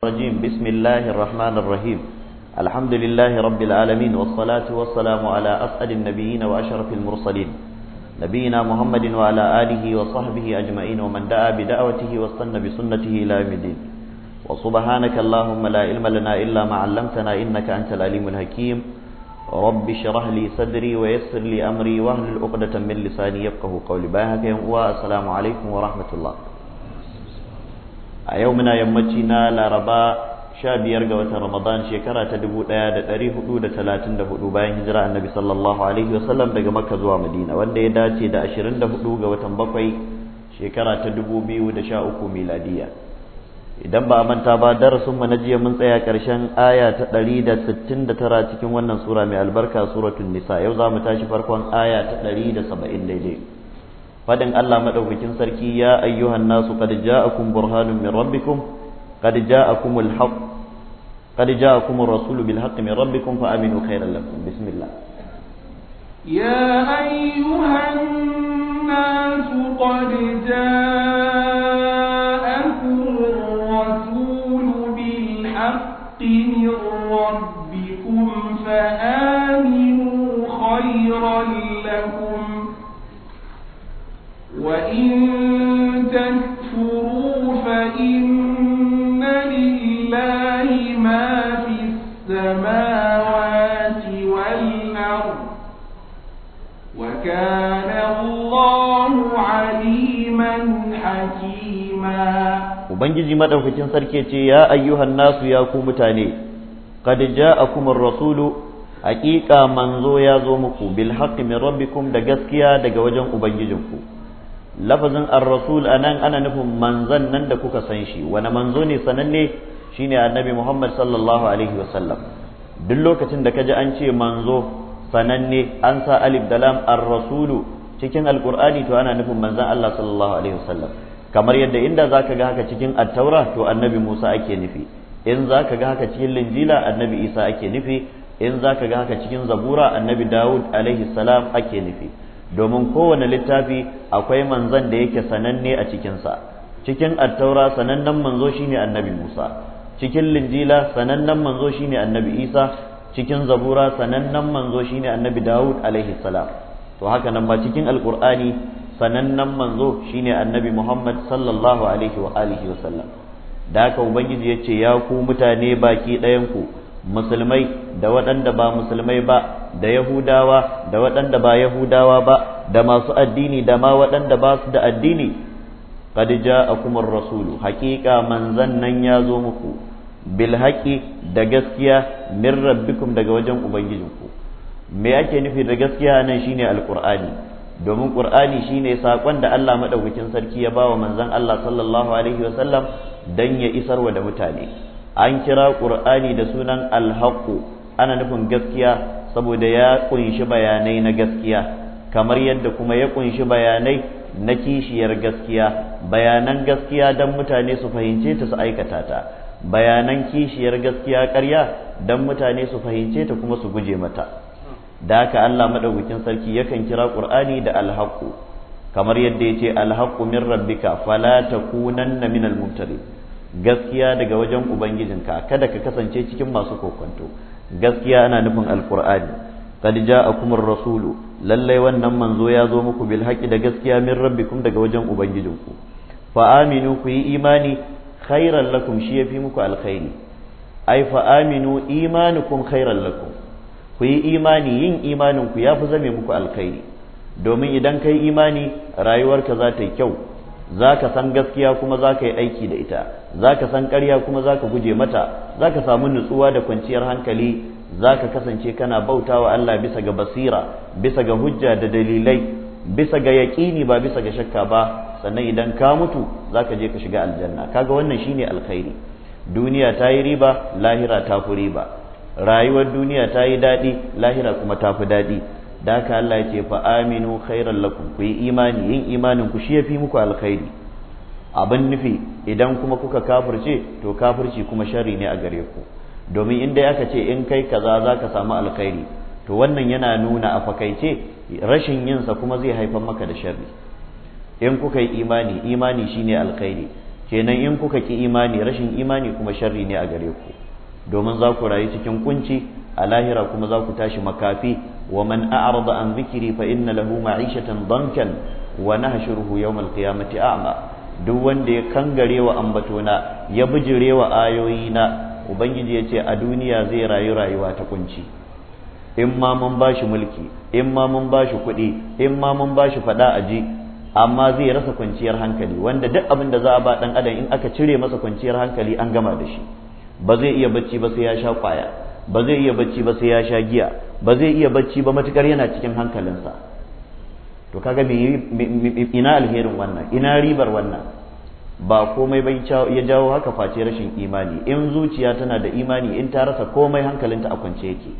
الرجيم بسم الله الرحمن الرحيم الحمد لله رب العالمين والصلاة والسلام على أسأل النبيين وأشرف المرسلين نبينا محمد وعلى آله وصحبه أجمعين ومن دعا بدعوته واستنى بسنته إلى يوم الدين وسبحانك اللهم لا علم لنا إلا ما علمتنا إنك أنت العليم الحكيم رب اشرح لي صدري ويسر لي أمري واهل عقدة من لساني يفقه قولي باهك يا السلام عليكم ورحمة الله a yau muna yammaci na laraba sha biyar ga watan ramadan shekara ta dubu ɗaya da ɗari hudu da talatin da hudu bayan hijira annabi sallallahu alaihi wasallam daga makka zuwa madina wanda ya dace da ashirin da hudu ga watan bakwai shekara ta dubu biyu da sha uku miladiya idan ba a manta ba darasin mu na jiya mun tsaya ƙarshen aya ta ɗari da sittin da tara cikin wannan sura mai albarka suratun nisa yau za mu tashi farkon aya ta ɗari da saba'in daidai fadin Allah madaukakin sarki ya ayyuhan nasu qad ja'akum burhanun min rabbikum qad ja'akumul haqq qad ja'akumur rasulu bil haqqi min rabbikum fa aminu khairan lakum bismillah ya ayyuhan nasu qad ja'akumur rasulu bil haqqi min rabbikum fa aminu khairan وإن تكفروا فإن Ubangiji madaukakin sarki ce ya ayyuhan nasu ya ku mutane a kuma rasulu haƙiƙa manzo ya zo muku bil haqqi min rabbikum da gaskiya daga wajen ubangijinku lafazin ar-rasul anan ana nufin manzon nan da kuka san shi wani manzo ne sananne shine annabi Muhammad sallallahu alaihi wasallam duk lokacin da kaji an ce manzo sananne an sa alif da lam ar-rasulu cikin alqur'ani to ana nufin manzon Allah sallallahu alaihi wasallam kamar yadda inda zaka ga haka cikin at-taura to annabi Musa ake nufi in zaka ga haka cikin linjila annabi Isa ake nufi in zaka ga haka cikin zabura annabi Dawud alaihi salam ake nufi domin kowane littafi akwai manzon da yake sananne a cikinsa cikin attaura sanannen manzo shine annabi musa cikin linjila sanannen manzo shine annabi isa cikin zabura sanannen manzo shine annabi dawud alaihi salam to haka nan ba cikin alqur'ani sanannen manzo shine annabi muhammad sallallahu alaihi wa alihi wa sallam da haka ubangiji ya ce ya ku mutane baki ɗayan ku musulmai da waɗanda ba musulmai ba da yahudawa da waɗanda ba yahudawa ba da masu addini da ma waɗanda ba su da addini qad ja'akumur rasulu haƙiƙa manzan nan ya zo muku bil haqi da gaskiya min rabbikum daga wajen ubangijinku me ake nufi da gaskiya nan shine alqur'ani domin qur'ani shine sakon da Allah madaukakin sarki ya bawa manzon Allah sallallahu alaihi wasallam dan ya isarwa da mutane an kira qur'ani da sunan alhaku ana nufin gaskiya saboda ya kunshi bayanai na gaskiya kamar yadda kuma ya kunshi bayanai na kishiyar gaskiya bayanan gaskiya don mutane su fahimce ta su aikata ta bayanan kishiyar gaskiya ƙarya don mutane su fahimce ta kuma su guje mata da haka Allah madaukakin sarki yakan kira qur'ani da alhaku kamar yadda ya ce alhaqu min rabbika fala takunanna minal mumtari gaskiya daga wajen ubangijinka kada ka kasance cikin masu kokonto gaskiya ana nufin alqur'ani qad ja'akum ar-rasulu lalle wannan manzo ya zo muku bil haqqi da gaskiya min rabbikum daga wajen ubangijinku fa aminu ku yi imani khairan lakum shi yafi muku alkhairi ai fa aminu imanukum khairan lakum ku yi imani yin imanin ku yafi zame muku alkhairi domin idan kai imani rayuwarka za ta yi kyau za ka san gaskiya kuma za ka yi aiki da ita za ka san karya kuma za ka guje mata za ka samu nutsuwa da kwanciyar hankali za ka kasance kana bauta wa Allah bisa ga basira bisa ga hujja da dalilai bisa ga yaƙini ba bisa ga shakka ba sannan idan ka mutu za ka je ka shiga aljanna kaga wannan shine alkhairi duniya ta yi riba lahira ta fi riba rayuwar duniya ta yi daɗi lahira kuma ta fi daɗi da haka Allah ya ce fa aminu khairan lakum ku yi imani yin imanin ku shi fi muku alkhairi abin nufi idan kuma kuka kafirce to kafirci kuma sharri ne a gare ku domin inda aka ce in kai kaza za ka samu alkhairi to wannan yana nuna a fakaice rashin yinsa kuma zai haifar maka da sharri in kuka yi imani imani shine alkhairi kenan in kuka ki imani rashin imani kuma sharri ne a gare ku domin za ku rayu cikin kunci a lahira kuma za ku tashi makafi wa man a'rada an zikiri fa inna lahu ma'ishatan dankan wa nahshuruhu yawmal qiyamati a'ma duk wanda ya kangare wa ambatona ya bijire wa ayoyina ubangiji ya ce a duniya zai rayu rayuwa ta kunci in ma mun ba shi mulki in ma mun ba shi kuɗi in ma mun ba fada a aji amma zai rasa kwanciyar hankali wanda duk abin da za a ba ɗan adam in aka cire masa kwanciyar hankali an gama da shi ba zai iya bacci ba sai ya sha kwaya ba zai iya bacci ba sai ya sha giya ba zai iya bacci ba matukar yana cikin hankalinsa to kaga me ina alherin wannan ina ribar wannan ba komai bai ya jawo haka face rashin imani in zuciya tana da imani in ta rasa komai hankalinta a kwance yake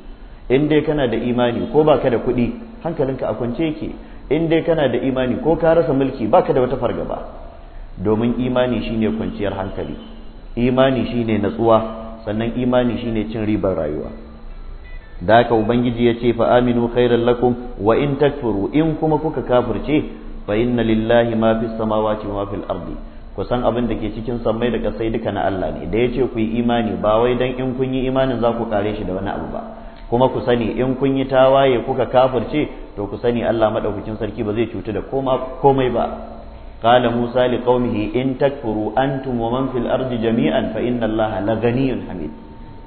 in dai kana da imani ko baka da kuɗi hankalinka a kwance yake in dai kana da imani ko ka rasa mulki baka da wata fargaba domin imani shine kwanciyar hankali imani shine natsuwa sannan imani shine cin ribar rayuwa da haka ubangiji ya ce fa aminu khairan lakum wa in takfuru in kuma kuka kafirce fa inna lillahi ma fis samawati wa ma fil ardi ku san abin da ke cikin sammai da kasai duka na Allah ne da ya ce ku yi imani ba wai dan in kun yi imanin za ku kare shi da wani abu ba kuma ku sani in kun yi tawaye kuka kafirce to ku sani Allah madaukakin sarki ba zai cutu da komai ba قال موسى لقومه إن تكفروا أنتم ومن في الأرض جميعا فإن الله لغني حميد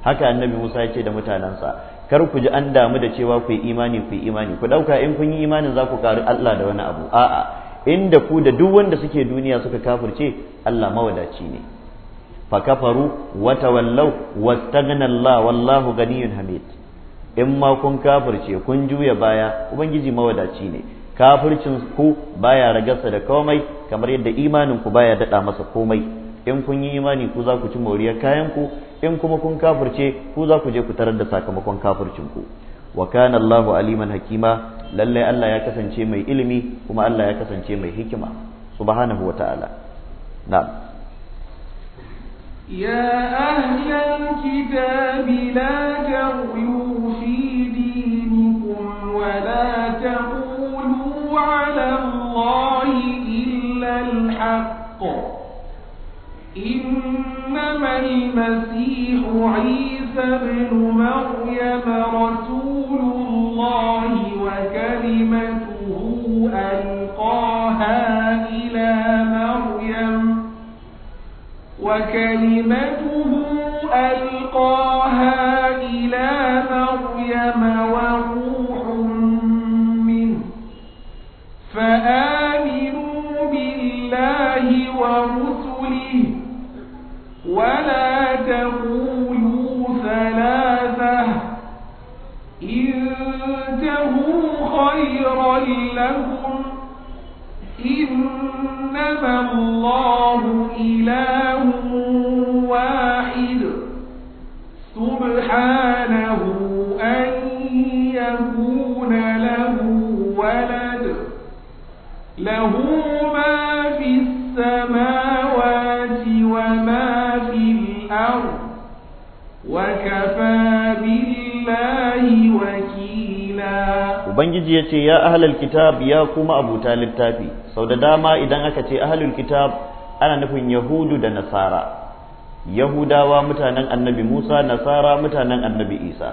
haka annabi Musa ya ce da mutanensa kar ku ji an damu da cewa ku yi imani ku yi imani ku dauka in kun yi imanin za ku kari Allah da wani abu a'a inda ku da duk wanda suke duniya suka kafirce Allah mawadaci ne fa kafaru wa tawallaw wastaghna Allah wallahu ganiyun hamid in ma kun kafirce kun juya baya ubangiji mawadaci ne kafircin ku baya ragarsa da komai kamar yadda imanin ku baya daɗa masa komai in kun yi imani ku za ku ci moriyar kayan ku in kuma kun kafirce ku za ku je ku tarar da sakamakon kafircin ku wa kana Allahu aliman hakima lalle Allah ya kasance mai ilimi kuma Allah ya kasance mai hikima subhanahu wata'ala na'am Ya أهل الكتاب la تغلوا على الله إلا الحق إنما المسيح عيسى بن مريم رسول الله وكلمته ألقاها إلى مريم وكلمته ألقاها إلى مريم وروح فآمنوا بالله ورسله ولا تقولوا ثلاثة إنتهوا خيرا لكم إنما الله إله واحد سبحانه أن يكون له Ubangiji ya ce, Ya ahalar kitab ya kuma abuta littafi, sau da dama idan aka ce ahalar kitab ana nufin Yahudu da Nasara, Yahudawa mutanen annabi Musa, Nasara mutanen annabi Isa.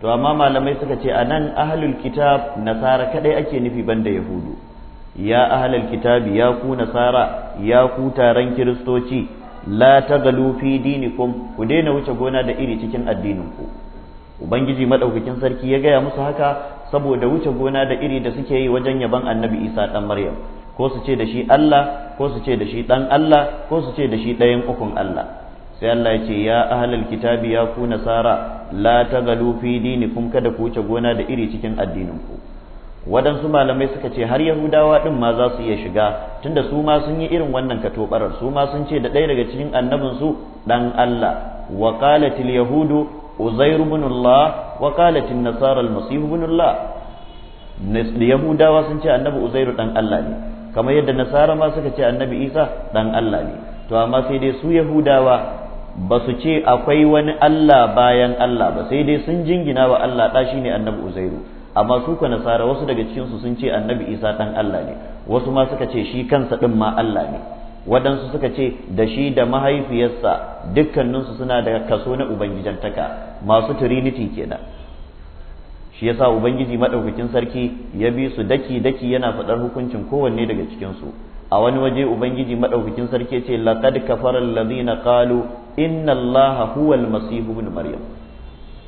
To, amma malamai suka ce, A nan ahalul kitab Nasara kaɗai ake nufi banda Yahudu. ya ahalal kitabi ya ku nasara ya ku taron kiristoci la tagalu fi dinikum ku daina wuce gona da iri cikin addininku ubangiji madaukakin sarki ya gaya musu haka saboda wuce gona da iri da suke yi wajen yaban annabi isa dan maryam ko su ce da shi allah ko su ce da shi dan allah ko su ce da shi ɗayan ukun allah sai allah ya ce ya ahalal kitabi ya ku nasara la tagalu fi dinikum kada ku wuce gona da iri cikin addininku waɗansu malamai suka ce har yahudawa ɗin ma za su iya shiga tunda su ma sun yi irin wannan katobarar su ma sun ce da ɗaya daga cikin annabinsu ɗan Allah wa qalatil yahudu uzairu ibn Allah wa qalatin nasara al-masih ibn yahudawa sun ce annabi uzairu ɗan Allah ne kamar yadda nasara ma suka ce annabi Isa ɗan Allah ne to amma sai dai su yahudawa ba su ce akwai wani Allah bayan Allah ba sai dai sun jingina wa Allah ɗa ne annabi uzairu amma su nasara wasu daga cikinsu sun ce annabi isa dan allah ne wasu ma suka ce shi kansa ɗin ma allah ne waɗansu suka ce da shi da mahaifiyarsa dukkaninsu suna da kaso na ubangijantaka masu trinity kenan shi yasa ubangiji madaukakin sarki ya bi su daki daki yana faɗar hukuncin kowanne daga cikinsu a wani waje ubangiji madaukakin sarki ya ce laqad kafara alladhina qalu inna allaha huwal masihu ibn maryam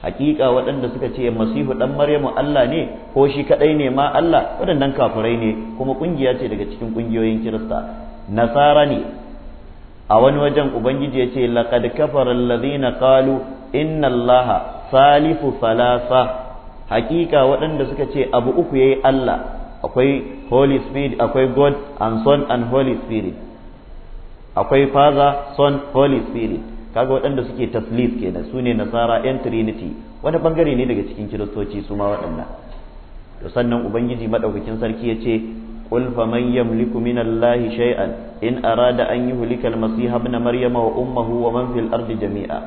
hakika waɗanda suka ce masihu ɗan maryamu Allah ne ko shi kaɗai ne ma Allah waɗannan kafirai ne kuma ƙungiya ce daga cikin ƙungiyoyin kirista nasara ne a wani wajen ubangiji ya ce laqad kafara alladhina qalu inna allaha salifu falasa hakika waɗanda suka ce abu uku yayi Allah akwai holy spirit akwai god and son and holy spirit akwai father son holy spirit kaga waɗanda suke taslis kenan su ne nasara yan trinity wani bangare ne daga cikin kiristoci su ma waɗannan to sannan ubangiji madaukakin sarki ya ce قل فمن يملك من الله شيئا إن أراد أن يهلك المسيح ابن مريم wa man في الأرض jami'a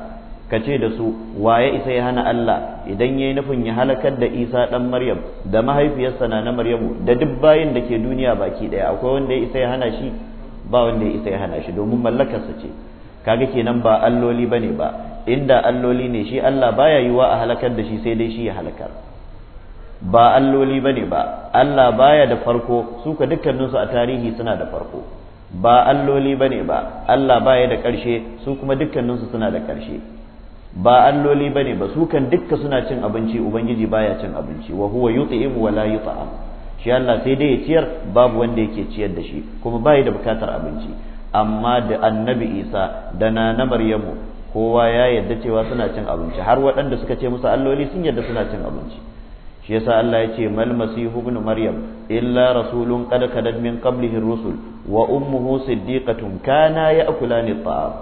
kace da su waye isa ya hana Allah idan yayi nufin ya halakar da Isa dan Maryam da mahaifiyarsa na Maryamu da duk bayin da ke duniya baki daya akwai wanda ya isa ya hana shi ba wanda ya isa ya hana shi domin mallakarsa ce kaga kenan ba alloli bane ba inda alloli ne shi Allah baya yiwa a halakar da shi sai dai shi ya halakar ba alloli bane ba Allah baya da farko su ka dukkaninsu a tarihi suna da farko ba alloli bane ba Allah baya da karshe su kuma dukkaninsu suna da ƙarshe ba alloli bane ba su kan dukka suna cin abinci ubangiji baya cin abinci wa huwa yut'im wa la yut'am shi Allah sai dai ya ciyar babu wanda yake ciyar da shi kuma bai da bukatar abinci amma da annabi isa da na na maryamu kowa ya yadda cewa suna cin abinci har waɗanda suka ce musu alloli sun yadda suna cin abinci shi yasa Allah ya ce mal masihu ibn maryam illa rasulun qad kadad min qablihi rusul wa ummuhu siddiqatun kana ya'kulani at-ta'am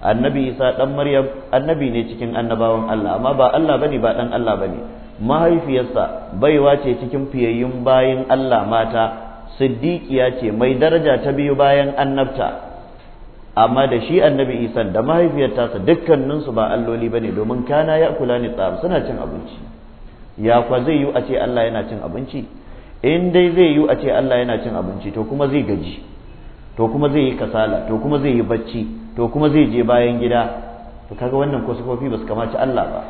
annabi isa dan maryam annabi ne cikin annabawan Allah amma ba Allah bane ba dan Allah bane mahaifiyarsa baiwa ce cikin fiyayyun bayin Allah mata siddiqiya ce mai daraja ta biyu bayan annabta amma da shi annabi isa da mahaifiyar tasa dukkaninsu ba alloli bane domin kana ya kula ni tsar suna cin abinci ya kwa zai yiwu a ce Allah yana cin abinci in dai zai yiwu a ce Allah yana cin abinci to kuma zai gaji to kuma zai yi kasala to kuma zai yi bacci to kuma zai je bayan gida to kaga wannan ko sufofi ba su kamace Allah ba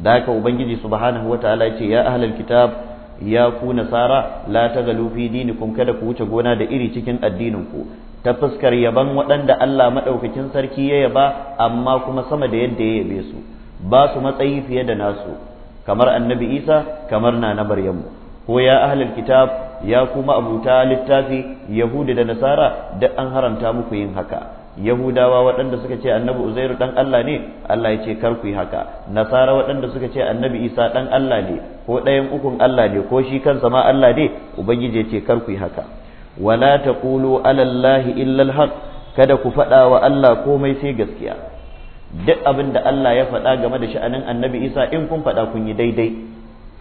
da haka ubangiji subhanahu wataala ya ce ya ahlul kitab ya ku nasara la lufi fi dinikum kada ku wuce gona da iri cikin addinin ku ta fuskar yaban waɗanda Allah madaukakin sarki ya yaba amma kuma sama da yadda ya yabe su ba su matsayi fiye da nasu kamar annabi Isa kamar nana maryam. ko ya ahlul kitab ya kuma abuta littafi yahudi da nasara duk an haramta muku yin haka yahudawa waɗanda suka ce annabi uzairu dan Allah ne Allah ya ce kar ku yi haka nasara waɗanda suka ce annabi isa dan Allah ne ko ɗayan ukun Allah ne ko shi kansa ma Allah ne ubangiji ya ce kar ku yi haka wala taqulu ala allahi illa alhaq kada ku faɗa wa Allah komai sai gaskiya duk abin da Allah ya faɗa game da sha'anin annabi isa in kun faɗa kun yi daidai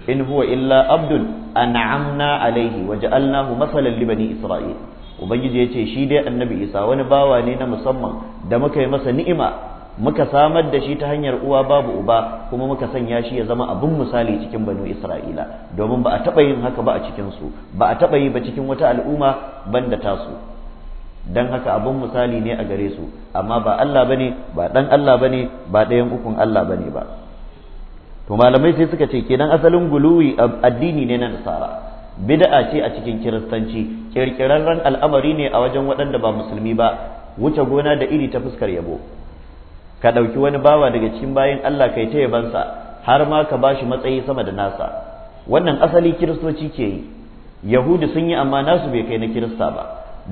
in huwa illa abdul an'amna alaihi waje allahu masalan li bani isra'il ubangiji ya ce shi dai annabi isa wani bawa ne na musamman da muka yi masa ni'ima muka samar da shi ta hanyar uwa babu uba kuma muka sanya shi ya zama abin misali cikin banu isra'ila domin ba a taɓa yin haka ba a cikinsu ba a taɓa yi ba cikin wata al'umma banda tasu don haka abin misali ne a gare su amma ba Allah bane ba dan Allah bane ba ɗayan ukun Allah bane ba to malamai sai suka ce kenan asalin guluwi addini ne na nasara bid'a ce a cikin kiristanci kirkirarren al'amari ne a wajen waɗanda ba musulmi ba wuce gona da iri ta fuskar yabo ka ɗauki wani bawa daga cikin bayan Allah kai ta yabansa har ma ka bashi matsayi sama da nasa wannan asali kiristoci ke yi Yahudi sun yi amma nasu bai kai na kirista ba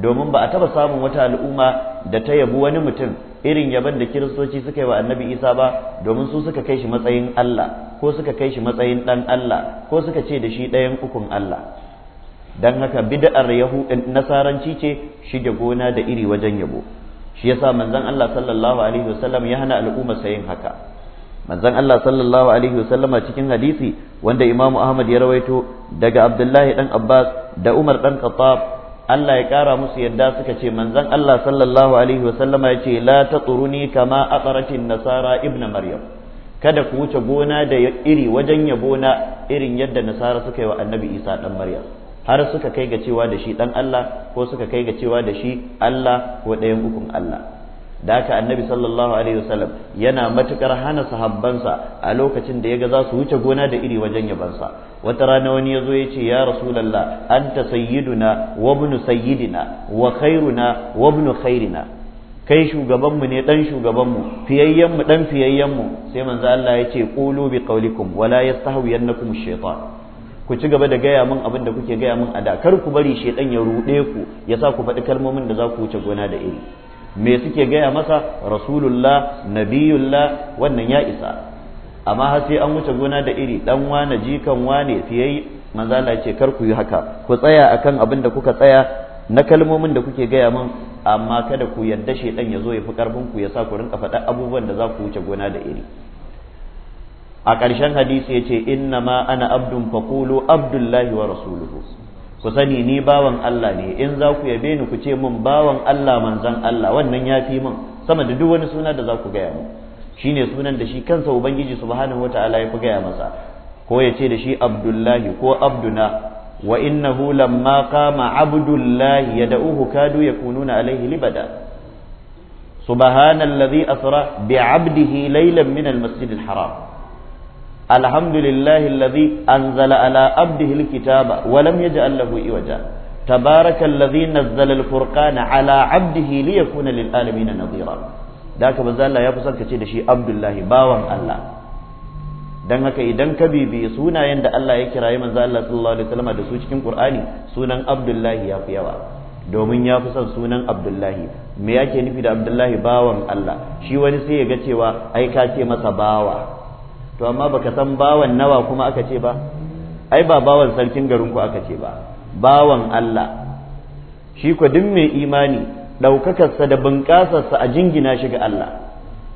domin ba a taba samun wata al'umma da ta yabu wani mutum irin yaban da kiristoci suka yi wa annabi isa ba domin su suka kai shi matsayin allah ko suka kai shi matsayin ɗan allah ko suka ce da shi ɗayan ukun allah don haka bid'ar yahu nasaranci ce shige gona da iri wajen yabo shi yasa manzon allah sallallahu alaihi wasallam ya hana al'umma sayin haka manzon Allah sallallahu alaihi wasallama cikin hadisi wanda imamu Ahmad ya rawaito daga Abdullahi dan Abbas da Umar dan Khattab Allah ya ƙara musu yadda suka ce manzon Allah sallallahu alaihi wasallama ya ce la taquruni kama aqaratin nasara ibna maryam kada ku wuce gona da iri wajen yabo na irin yadda nasara suka yi wa annabi isa dan maryam har suka kai ga cewa da shi dan Allah ko suka kai ga cewa da shi Allah ko ɗayan ukun Allah da haka annabi sallallahu alaihi wasallam yana matukar hana sahabbansa a lokacin da yaga za su wuce gona da iri wajen yabansa wata rana wani yazo ya ce ya rasulullah anta sayyiduna wa ibnu sayyidina wa khairuna wa ibnu khairina kai shugabanmu ne dan shugabanmu fiyayyen mu dan fiyayyen mu sai manzo Allah ya ce qulu bi qawlikum wala yastahwiyannakum ash-shaytan ku ci gaba da gaya min abin da kuke gaya min a da kar ku bari shaytan ya ruɗe ku ya sa ku faɗi kalmomin da za ku wuce gona da iri me suke gaya masa rasulullah nabiyullah wannan ya isa amma har sai an wuce gona da iri dan wane jikan wane sai manzo Allah ce kar ku yi haka ku tsaya akan abin da kuka tsaya na kalmomin da kuke gaya min amma kada ku yarda ɗan ya zo ya fi karfin ku ya sa ku rinka faɗa abubuwan da za ku wuce gona da iri a ƙarshen hadisi ya ce inna ma ana abdun faqulu abdullahi wa rasuluhu ku sani ni bawan Allah ne in za ku yabe ni ku ce min bawan Allah manzan Allah wannan ya fi min sama da duk wani suna da za ku gaya mu shine sunan da shi kansa ubangiji subhanahu wataala ya fi gaya masa ko ya ce da shi abdullahi ko abduna wa innahu lamma qama abdullahi yad'uhu kadu yakununa alaihi libada subhanalladhi asra bi abdihi laylan min al-masjidil haram الحمد لله الذي أنزل على عبده الكتاب ولم يجعل له إوجا تبارك الذي نزل الفرقان على عبده ليكون للعالمين نظيرا ذاك بزال لا يفصل كتير شيء عبد الله باوان الله dan haka idan ka bibiyi sunayen da Allah ya kirayi manzo Allah sallallahu alaihi wasallam da su cikin Qur'ani sunan Abdullahi ya fi yawa domin ya fi son sunan Abdullahi me yake nufi da Abdullahi bawan Allah shi wani sai ya ga cewa ai ka ce masa bawa to amma baka san bawan nawa kuma aka ce ba ai ba bawan sarkin garin ku aka ce ba bawan Allah shi ko duk mai imani ɗaukakarsa da bunƙasarsa a jingina shi ga Allah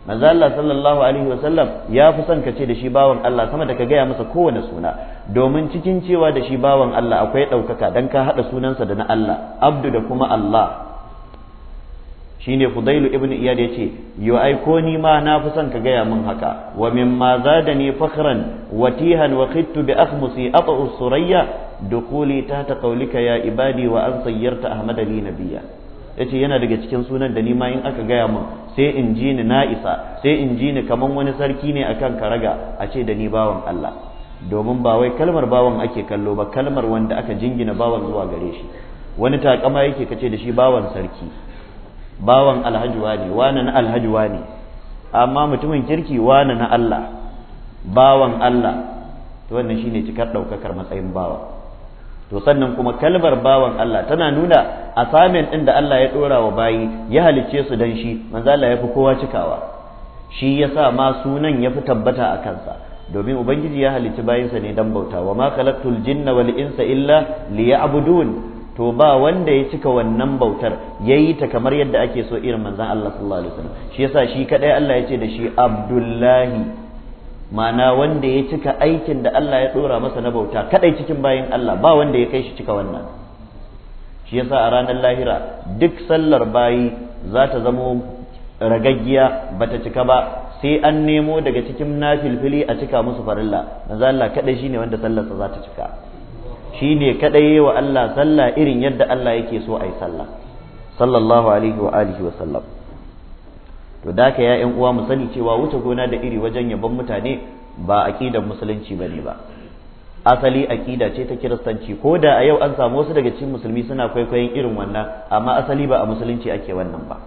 manzo Allah sallallahu alaihi wasallam ya fi son ka ce da shi bawan Allah sama da ka gaya masa kowane suna domin cikin cewa da shi bawan Allah akwai ɗaukaka dan ka haɗa sunansa da na Allah abdu da kuma Allah Shi ne fudailu ibn iyad yace yo ai ko ni ma na fi son ka gaya min haka wa mimma zadani fakhran watihan wa khittu bi akhmusi ata'u surayya ta ta qawlika ya ibadi wa an sayyarta ahmada li nabiyya yace yana daga cikin sunan da ni ma in aka gaya min sai in ji ni na isa sai in ji ni kaman wani sarki ne akan karaga a ce da ni bawan Allah domin ba wai kalmar bawan ake kallo ba kalmar wanda aka jingina bawan zuwa gare shi wani takama yake kace da shi bawan sarki bawan alhaji wane wane na alhaji wane amma mutumin kirki wane na Allah bawan Allah to wannan shine cikar ɗaukakar matsayin bawa to sannan kuma kalmar bawan Allah tana nuna assignment ɗin da Allah ya ɗora wa bayi ya halicce su dan shi manzo Allah ya fi kowa cikawa shi yasa ma sunan ya fi tabbata a kansa domin ubangiji ya halicci bayinsa ne dan bautawa. wa ma khalaqtul jinna wal insa illa liya'budun to ba wanda ya cika wannan bautar ya yi ta kamar yadda ake so irin manzan Allah sallallahu alaihi wasallam shi yasa shi kadai Allah ya ce da shi Abdullahi Ma'ana wanda ya cika aikin da Allah ya dora masa na bauta kadai cikin bayin Allah ba wanda ya kai shi cika wannan shi yasa a ranar lahira duk sallar bayi za ta zamo ragaggiya bata cika ba sai an nemo daga cikin nafilfili a cika musu farilla manzo Allah kadai shine wanda sallarsa za ta cika shi ne kaɗai wa Allah sallah irin yadda Allah yake so a yi sallah sallallahu alaihi wa alihi wa sallam to da ka ya uwa mu sani cewa wuce gona da iri wajen yabon mutane ba ƙidan musulunci ne ba asali ƙida ce ta kiristanci ko da a yau an samu wasu daga cikin musulmi suna kwaikwayon irin wannan amma asali ba a musulunci ake wannan ba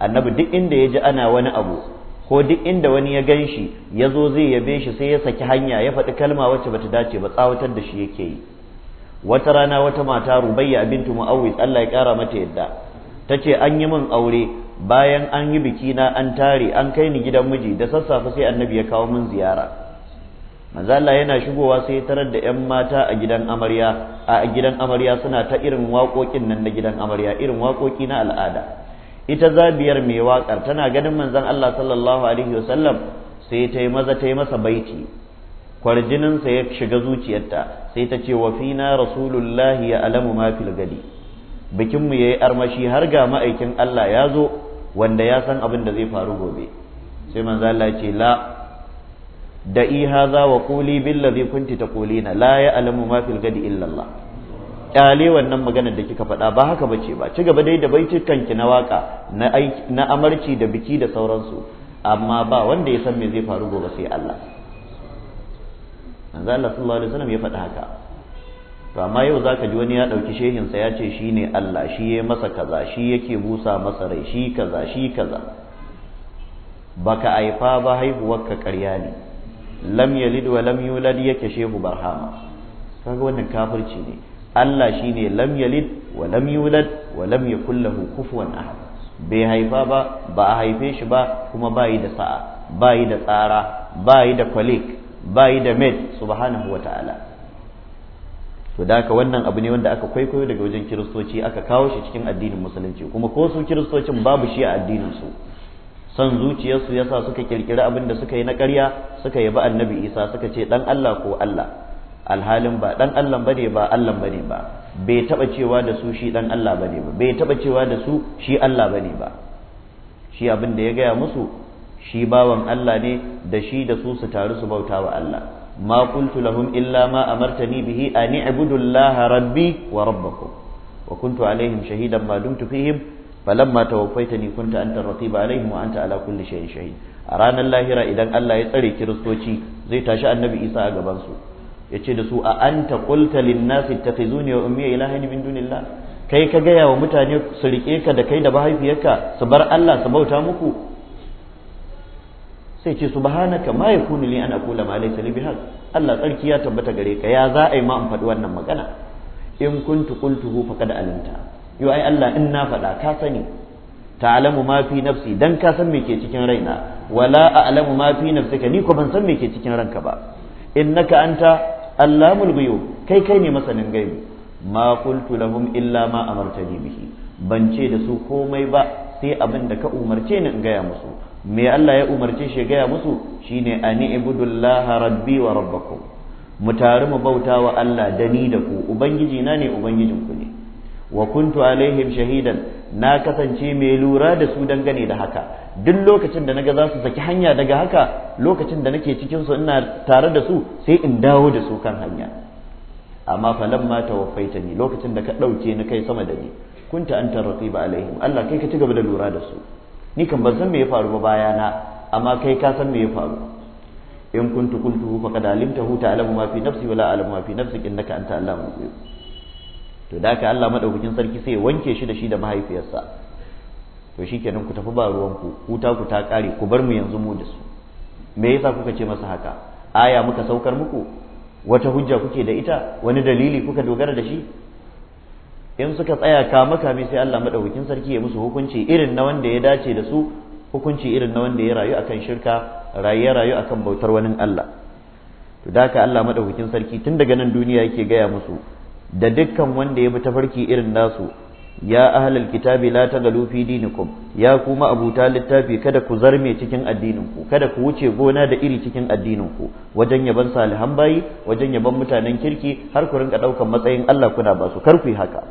annabi duk inda ya ji ana wani abu ko duk inda wani ya gan shi ya zo zai yabe shi sai ya saki hanya ya faɗi kalma wacce bata dace ba tsawatar da shi yake yi wata rana wata mata rubayya bintu mu'awwid Allah ya kara mata yadda tace an yi min aure bayan an yi biki na an tare an kai ni gidan miji da sassafe sai annabi ya kawo min ziyara manzo Allah yana shigowa sai tarar da 'yan mata a gidan amarya a gidan amarya suna ta irin waƙoƙin nan na gidan amarya irin waƙoƙi na al'ada ita zabiyar mai waƙar tana ganin manzon Allah sallallahu alaihi wasallam sai ta yi maza ta yi masa baiti kwarjininsa ya shiga zuciyarta sai ta ce wa fina rasulullahi ya alamu ma fil gadi bikinmu ya yi armashi har ga ma'aikin Allah ya zo wanda ya san abin da zai faru gobe sai manzo Allah ce la da haza wa quli billazi kunti taqulina la ya alamu ma fil gadi illa Allah kyale wannan magana da kika faɗa ba haka bace ba ci gaba dai da baitukan ki na waka na amarci da biki da sauransu amma ba wanda ya san me zai faru gobe sai Allah manzo Allah sallallahu alaihi wasallam ya faɗi haka to amma yau zaka ji wani ya ɗauki shehin sa ya ce shine Allah shi yayi masa kaza shi yake busa masa rai shi kaza shi kaza baka haifa ba haihuwarka ƙarya ne lam yalid wa lam yulad yake shehu barhama kaga wannan kafirci ne Allah shine lam yalid wa lam yulad wa lam yakul lahu kufuwan ahad bai haifa ba ba a haife shi ba kuma bayi da sa'a bayi da tsara bayi da kwalik bayi da mate subhanahu wa ta'ala to da wannan abu ne wanda aka kwaikwayo daga wajen kiristoci aka kawo shi cikin addinin musulunci kuma ko su kiristocin babu shi a addinin su son zuciyarsu yasa suka kirkiri abin da suka yi na ƙarya suka yabi annabi isa suka ce dan allah ko allah alhalin ba dan allah bane ba allah bane ba bai taba cewa da su shi dan allah bane ba bai taba cewa da su shi allah bane ba shi abin da ya gaya musu shi bawan Allah ne da shi da su su taru su bauta wa Allah ma lahum illa ma amartani bihi an i'budu Allah rabbi wa rabbakum wa kuntu alaihim shahidan ma dumtu fihim falamma tawaffaytani kunta anta raqiba alaihim wa anta ala kulli shay'in shahid a ranar lahira idan Allah ya tsare kiristoci zai tashi annabi Isa a gaban su yace da su a anta qulta lin nasi ittakhizuni wa ummi ilahin min dunillah kai ka gaya wa mutane su rike ka da kai da mahaifiyarka su bar Allah su bauta muku sai ce subhanaka ma yakunu li an aqula ma laysa li bihaq Allah tsarki ya tabbata gare ka ya za a yi ma in faɗi wannan magana in kuntu qultuhu faqad alimta yo ai Allah in na faɗa ka sani ta'lamu ma fi nafsi dan ka san me ke cikin raina wala a'lamu ma fi nafsika ni ko ban san me ke cikin ranka ba innaka anta allamul ghuyub kai kai ne masanin gaibi ma qultu lahum illa ma amartani bihi ban ce da su komai ba sai abin da ka umarce ni in gaya musu me Allah ya umarce shi gaya musu shine ani ibudullaha rabbi wa rabbakum mu tare mu bauta wa Allah da ni da ku ubangiji na ne ubangijin ku ne wa kuntu alaihim shahidan na kasance mai lura da su dangane da haka duk lokacin da naga za su saki hanya daga haka lokacin da nake cikin su ina tare da su sai in dawo da su kan hanya amma fa falamma tawaffaitani lokacin da ka dauke ni kai sama da ni kunta antar raqiba alaihim Allah kai ka ci gaba da lura da su ni kan ban san me ya faru ba bayana amma kai ka san me ya faru in kuntu qultu faqad alimtahu ta'lamu ma fi nafsi wala a'lamu ma fi nafsi innaka anta allamul ghuyub to da haka Allah madaukakin sarki sai ya wanke shi da shi da mahaifiyarsa to shikenan ku tafi ba ruwan ku huta ku ta kare ku bar mu yanzu mu da su me yasa kuka ce masa haka aya muka saukar muku wata hujja kuke da ita wani dalili kuka dogara da shi in suka tsaya kama kame sai Allah madaukakin sarki ya musu hukunci irin na wanda ya dace da su hukunci irin na wanda ya rayu akan shirka rayu rayu akan bautar wani Allah to da haka Allah madaukakin sarki tun daga nan duniya yake gaya musu da dukkan wanda ya bi farki irin nasu ya ahlal kitabi la tagalu fi dinikum ya kuma abuta littafi kada ku zarme cikin addinin ku kada ku wuce gona da iri cikin addinin ku wajen yaban salihan bayi wajen yaban mutanen kirki har ku rinka daukan matsayin Allah kuna ba su kar ku yi haka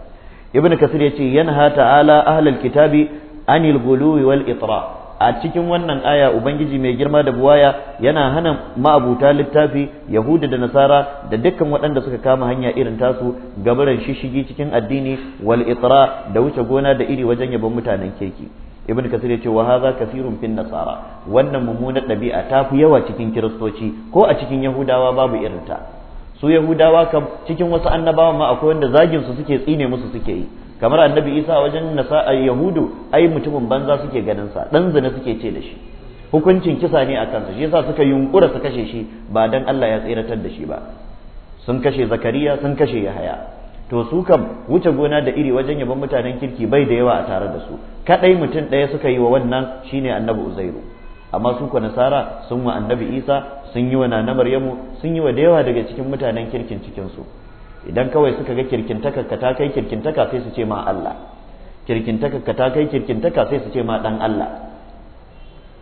ibnu kasir yace yanha ta'ala ahlal kitabi anil ghuluwi wal itra a cikin wannan aya ubangiji mai girma da buwaya yana hana ma'abuta littafi yahuda da nasara da dukkan waɗanda suka kama hanya irin tasu gabaran shishigi cikin addini wal itra da wuce gona da iri wajen yabon mutanen kirki ibn kasir yace ce wa hadha kasirun fin nasara wannan mummunar ɗabi'a ta fi yawa cikin kiristoci ko a cikin yahudawa babu irinta su yahudawa cikin wasu annabawan ma akwai wanda zagin su suke tsine musu suke yi kamar annabi isa wajen nasa eh, yahudu ai mutumin banza suke ganin sa dan zina suke ce da shi hukuncin kisa ne a kansa shi yasa suka yunkura su kashe shi ba dan Allah ya tsiratar da shi ba sun kashe zakariya sun kashe yahaya to su kam wuce gona da iri wajen yaban mutanen kirki bai da yawa a tare da su kadai mutum ɗaya suka yi wa wannan shine annabi uzairu amma su ku nasara sun wa annabi isa sun yi wa nana maryamu sun yi wa da yawa daga cikin mutanen kirkin cikinsu idan kawai suka ga kirkin ka ta kai sai su ce ma Allah kirkin ta kai sai su ce ma dan Allah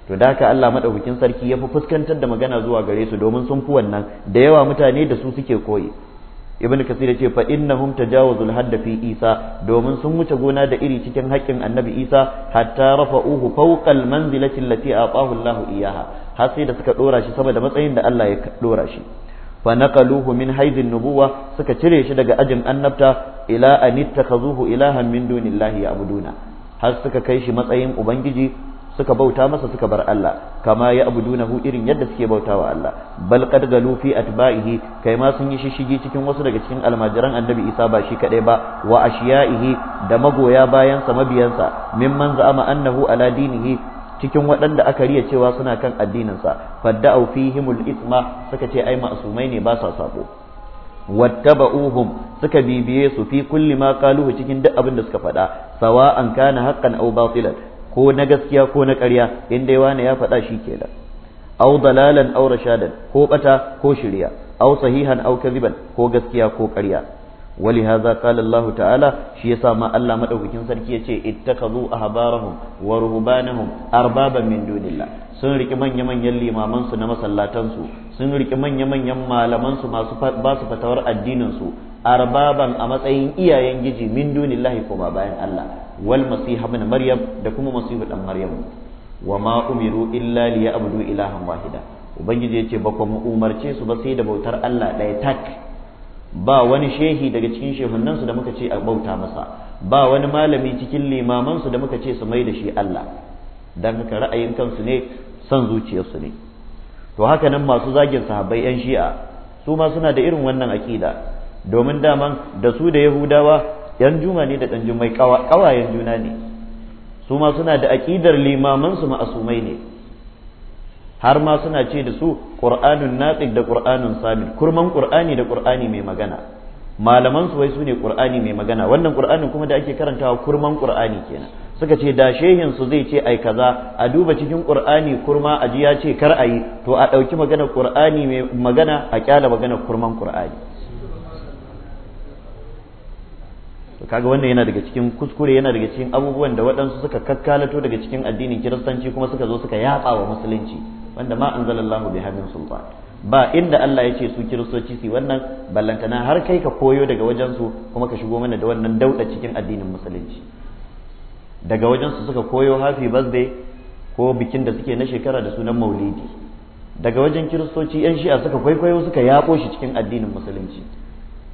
to da haka Allah madaukakin sarki ya fi fuskantar da magana zuwa gare su domin sun fi wannan da yawa mutane da su suke koyi ibnu kasir ce fa innahum tajawazul hadda fi isa domin sun wuce gona da iri cikin haƙƙin annabi isa hatta rafa'uhu fawqal manzilati allati ataahu allah iyaha har sai da suka dora shi saboda matsayin da Allah ya dora shi fa naqaluhu min haydin nubuwa suka cire shi daga ajin annabta ila an ittakhazuhu ilahan min dunillahi ya'buduna har suka kai shi matsayin ubangiji suka bauta masa suka bar Allah kama ya abudunahu irin yadda suke bauta wa Allah bal qad galu fi atba'ihi kai ma sun yi shishigi cikin wasu daga cikin almajiran annabi Isa ba shi kadai ba wa ashiya'ihi da magoya bayan sa mabiyansa mimman za'ama annahu ala dinihi cikin waɗanda aka riya cewa suna kan addinin addininsa fadda'u fihimul isma suka ce ai ma'sumai ne ba sa sabo wattaba'uhum suka bibiye su fi kulli ma qaluhu cikin duk abin da suka faɗa an kana haqqan aw batilan ko na gaskiya ko na ƙarya in dai wani ya faɗa shi ke da. au dalalan au rashadan ko bata ko shirya au sahihan au kaziban ko gaskiya ko ƙarya ولهذا قال الله تعالى شي يسا ما الله ce ita يتي a ahbarahum Wa ruhbanahum arbaban min dunillah sun riki manya manyan limaman na masallatansu sun riki manya manyan malaman masu ba fatawar addinin su arbaban a matsayin iyayen giji min dunillahi kuma bayan Allah wal masiha maryam da kuma masihu dan maryam wa ma umiru illa liya'budu ilahan wahida ubangiji yace ba mu umarce su ba sai da bautar Allah ɗaya tak ba wani shehi daga cikin shehunan su da muka ce a bauta masa ba wani malami cikin limaman su da muka ce su mai da shi Allah dan haka ra'ayin kansu ne son zuciyarsu ne to haka nan masu zagin sahabbai yan shi'a su ma suna da irin wannan akida domin daman da su da yahudawa yan juma ne da dan jumai kawayen juna ne su ma suna da aƙidar limaman su ma'asumai ne har ma suna ce da su qur'anun natiq da qur'anun samin kurman qur'ani da qur'ani mai magana malaman su wai su ne qur'ani mai magana wannan qur'anin kuma da ake karantawa kurman qur'ani kenan suka ce da shehin su zai ce ai kaza a duba cikin qur'ani kurma aji ya ce kar a yi to a ɗauki magana qur'ani mai magana a kyala magana kurman qur'ani to kaga wannan yana daga cikin kuskure yana daga cikin abubuwan da waɗansu suka kakkalato daga cikin addinin kiristanci kuma suka zo suka yatsa wa musulunci wanda ma anzalallahu bi hadin sultan ba inda Allah ya ce su kiristoci su wannan ballantana har kai ka koyo daga wajensu kuma ka shigo mana da wannan dauda cikin addinin musulunci daga wajensu suka koyo happy birthday ko bikin da suke na shekara da sunan maulidi daga wajen kiristoci yan shi'a suka kwaikwayo suka yako shi cikin addinin musulunci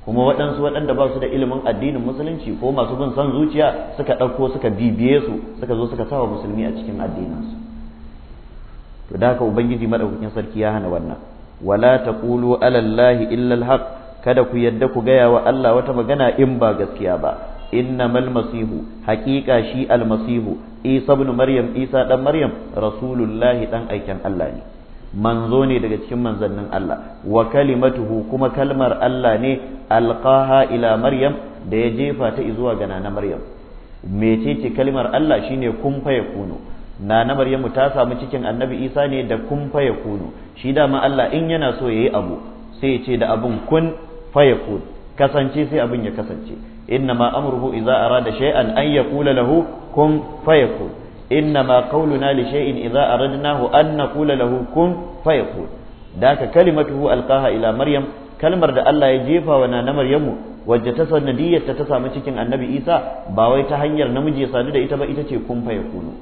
kuma waɗansu waɗanda ba su da ilimin addinin musulunci ko masu bin son zuciya suka ɗauko suka bibiye su suka zo suka sawa musulmi a cikin addininsu to da haka ubangiji madaukakin sarki ya hana wannan wala taqulu ala allahi illa alhaq kada ku yadda ku gaya wa Allah wata magana in ba gaskiya ba innamal masihu haqiqa shi almasihu isa ibn maryam isa dan maryam rasulullahi dan aikin Allah ne manzo ne daga cikin manzannin Allah wa kalimatuhu kuma kalmar Allah ne alqaha ila maryam da ya jefa ta zuwa ga nana maryam mecece kalmar Allah shine kun fa yakunu nana maryam ta samu cikin annabi isa ne da kun fa yakunu shi dama Allah in yana so yayi abu sai ya ce da abun kun fa yakun kasance sai abun ya kasance inna ma amruhu idza arada shay'an an yaqula lahu kun fa yakun إنما قولنا لشيء إذا أردناه أن نقول له كن فيكون ذاك كلمته ألقاها إلى مريم kalmar da Allah ya jefa wa na Maryamu wacce ta sanadiyyar ta sami cikin Annabi Isa ba wai ta hanyar namiji ya sadu da ita ba ita ce kun fa yakunu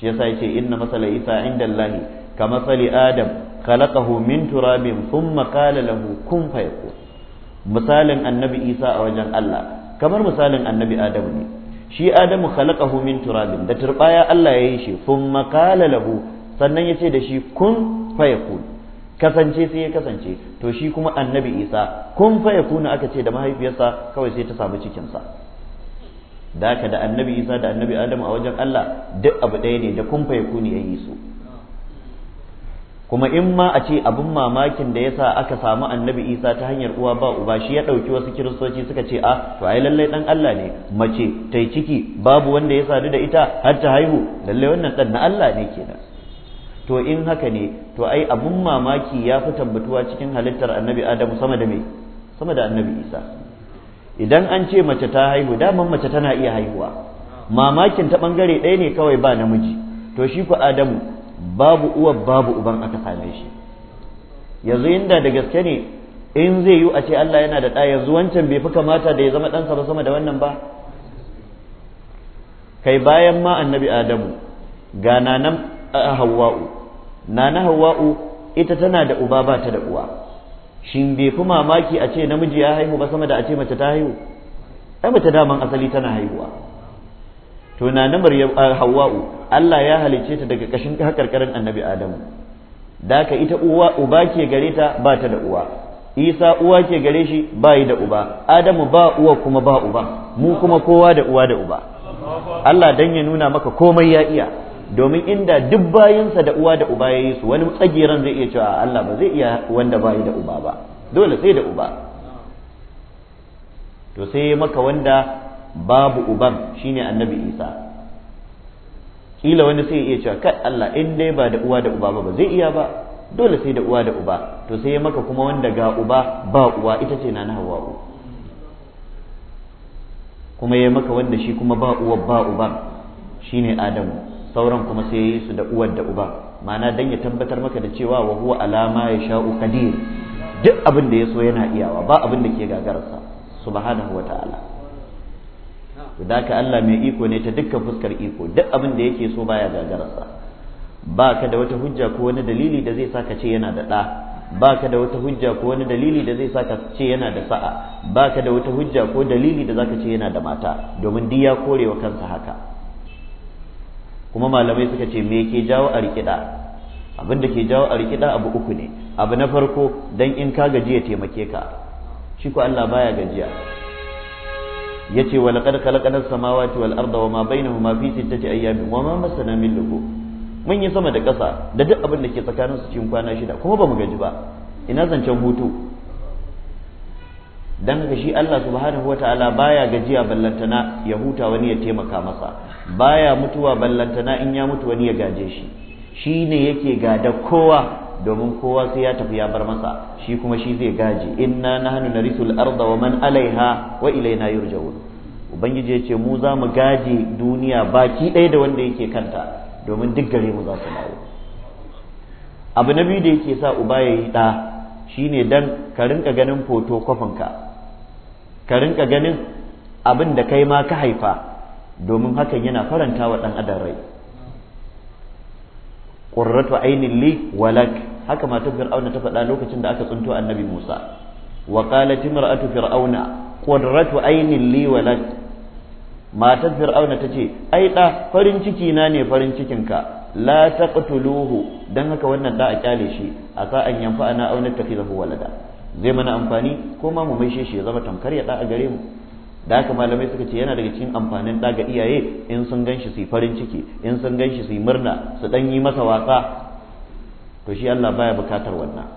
shi yasa yace inna masala Isa inda Allah ka masali Adam khalaqahu min turabin thumma qala lahu kun fa yakun misalin Annabi Isa a wajen Allah kamar misalin Annabi adamu ne shi adamu khalaqahu min turabin da turbaya Allah ya yi shi sun makala lahu sannan yace da shi kun fayakun kasance sai ya kasance to shi kuma annabi isa kun fayakun aka ce da mahaifiyarsa kawai sai ta samu cikinsa da haka da annabi isa da annabi adamu a wajen Allah duk abu ɗaya ne da kun fayakun ya yi su kuma in ma a ce abin mamakin da yasa aka samu annabi isa ta hanyar uwa ba uba shi ya ɗauki wasu kiristoci suka ce a ah, to ai lallai ɗan allah ne mace ta yi ciki babu wanda ya sadu da ita har ta haihu lallai wannan ɗan na allah ne kenan to in haka ne to ai abin mamaki ya fi tabbatuwa cikin halittar annabi adamu sama da me sama da annabi isa idan an ce mace ta haihu daman mace tana iya haihuwa mamakin ta ɓangare ɗaya ne kawai ba namiji to shi ku adamu babu uwar babu uban aka same shi yanzu inda da gaske ne in zai yi a ce Allah yana da ɗaya. yanzu wancan bai fi kamata da ya zama ɗansa ba sama da wannan ba kai bayan ma annabi adamu ga nanan hawa'u nana hawa'u ita tana da uba ba ta da uwa shin bai fi mamaki a ce namiji ya haihu ba sama da a ce mace ta haihu ai mace daman asali tana haihuwa to na na maryam hawa'u Allah ya halicce ta daga kashin hakarkarin annabi adamu da ka ita uwa uba ke gare ta ba ta da uwa isa uwa ke gare shi ba yi da uba adamu ba uwa kuma ba uba mu kuma kowa da uwa da uba Allah dan ya nuna maka komai ya iya domin inda duk bayansa da uwa da uba ya yi su wani tsagiran zai iya cewa Allah ba zai iya wanda ba da uba ba dole sai da uba to sai maka wanda babu uban shine annabi isa kila wani sai iya cewa kai Allah in dai ba da uwa da uba ba zai iya ba dole sai da uwa da uba to sai ya maka kuma wanda ga uba ba uwa ita ce na na hawa'u kuma ya maka wanda shi kuma ba uwa ba uban shine adamu sauran kuma sai ya yi su da uwar da uba mana dan ya tabbatar maka da cewa wa huwa alama ya sha'u kadir duk abin da ya so yana iyawa ba abin da ke gagararsa subhanahu wa ta'ala da ka Allah mai iko ne ta dukkan fuskar iko duk abin da yake so baya gagararsa ba ka da wata hujja ko wani dalili da zai saka ce yana da ɗa ba ka da wata hujja ko wani dalili da zai saka ce yana da sa'a ba ka da wata hujja ko dalili da zaka ce yana da mata domin duk ya kore kansa haka kuma malamai suka ce me ke jawo a rikida abin da ke jawo a rikida abu uku ne abu na farko dan in ka gajiya ya taimake ka shi ko Allah baya gajiya yace wa laqad khalaqna samawati wal arda wa ma bainahuma fi sittati ayyamin wa masana min lugu mun yi sama da ƙasa da duk abin da ke tsakanin su cikin kwana shida kuma ba mu gaji ba ina zancen hutu dan haka shi Allah subhanahu wataala baya gajiya ballantana ya huta wani ya taimaka masa baya mutuwa ballantana in ya mutu wani ya gaje shi shine yake gada kowa domin kowa sai ya tafi ya bar masa shi kuma shi zai gaji inna nahnu narisul arda wa man alaiha wa ilaina yurja'un ubangiji ya ce mu za mu gaji duniya baki ɗaya da wanda yake kanta domin duk gare mu za su dawo abu na biyu da yake sa uba ya yi ɗa shine dan ka rinka ganin foto kwafinka ka rinka ganin abin da kai ma ka haifa domin hakan yana faranta wa ɗan adam rai qurratu ainin li walak haka matar fir'auna ta faɗa lokacin da aka tsinto annabi Musa wa qalat imra'atu fir'auna qudratu aynin li walad matar fir'auna ta ce ai da farin ciki na ne farin cikinka la taqtuluhu dan haka wannan da a kyale shi a sa an yanfa ana auna takizahu walada zai mana amfani ko ma mu maishe shi ya zama tamkar ya da a gare mu da haka malamai suka ce yana daga cikin amfanin ɗaga iyaye in sun gan shi su yi farin ciki in sun ganshi shi su yi murna su ɗan yi masa wasa to shi Allah baya bukatar wannan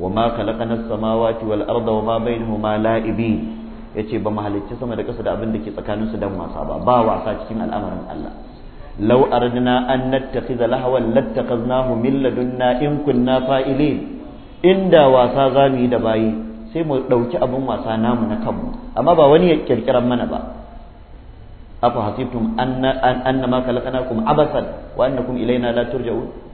wa ma khalaqana as-samawati wal arda wa ma bainahuma la'ibin yace ba mu halicci sama da ƙasa da abin da ke tsakanin su dan wasa ba ba wasa cikin al'amarin Allah law aradna an nattakhidha lahawan lattakhadnahu min ladunna in kunna fa'ilin inda wasa zamu yi da bayi sai mu dauki abin wasa namu na kanmu amma ba wani ya kirkiran mana ba afa hasibtum anna annama khalaqnakum abasan wa annakum ilaina la turja'un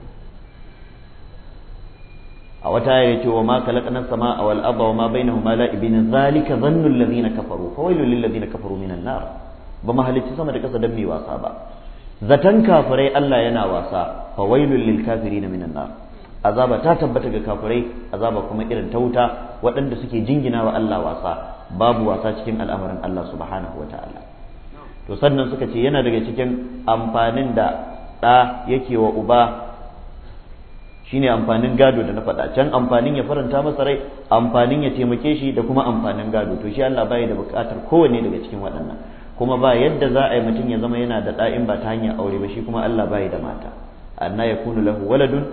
a wata ya ce wa ma khalaqna sama a wal arda wa ma bainahuma la'ibin zalika dhannu na kafaru fa wailul lil ladina kafaru minan nar ba ma halicci sama da kasa don mai wasa ba zaton kafirai Allah yana wasa fa wailul na minanna. minan nar azaba ta tabbata ga kafirai azaba kuma irin ta wuta waɗanda suke jingina wa Allah wasa babu wasa cikin al'amarin Allah subhanahu wa ta'ala to sannan suka ce yana daga cikin amfanin da ɗa yake wa uba shine amfanin gado da na faɗa can amfanin ya faranta masa rai amfanin ya taimake shi da kuma amfanin gado to shi Allah bai da buƙatar kowanne daga cikin waɗannan kuma ba yadda za a yi mutum ya zama yana da ɗa'in ba ta hanyar aure ba shi kuma Allah bai da mata anna yakunu lahu waladun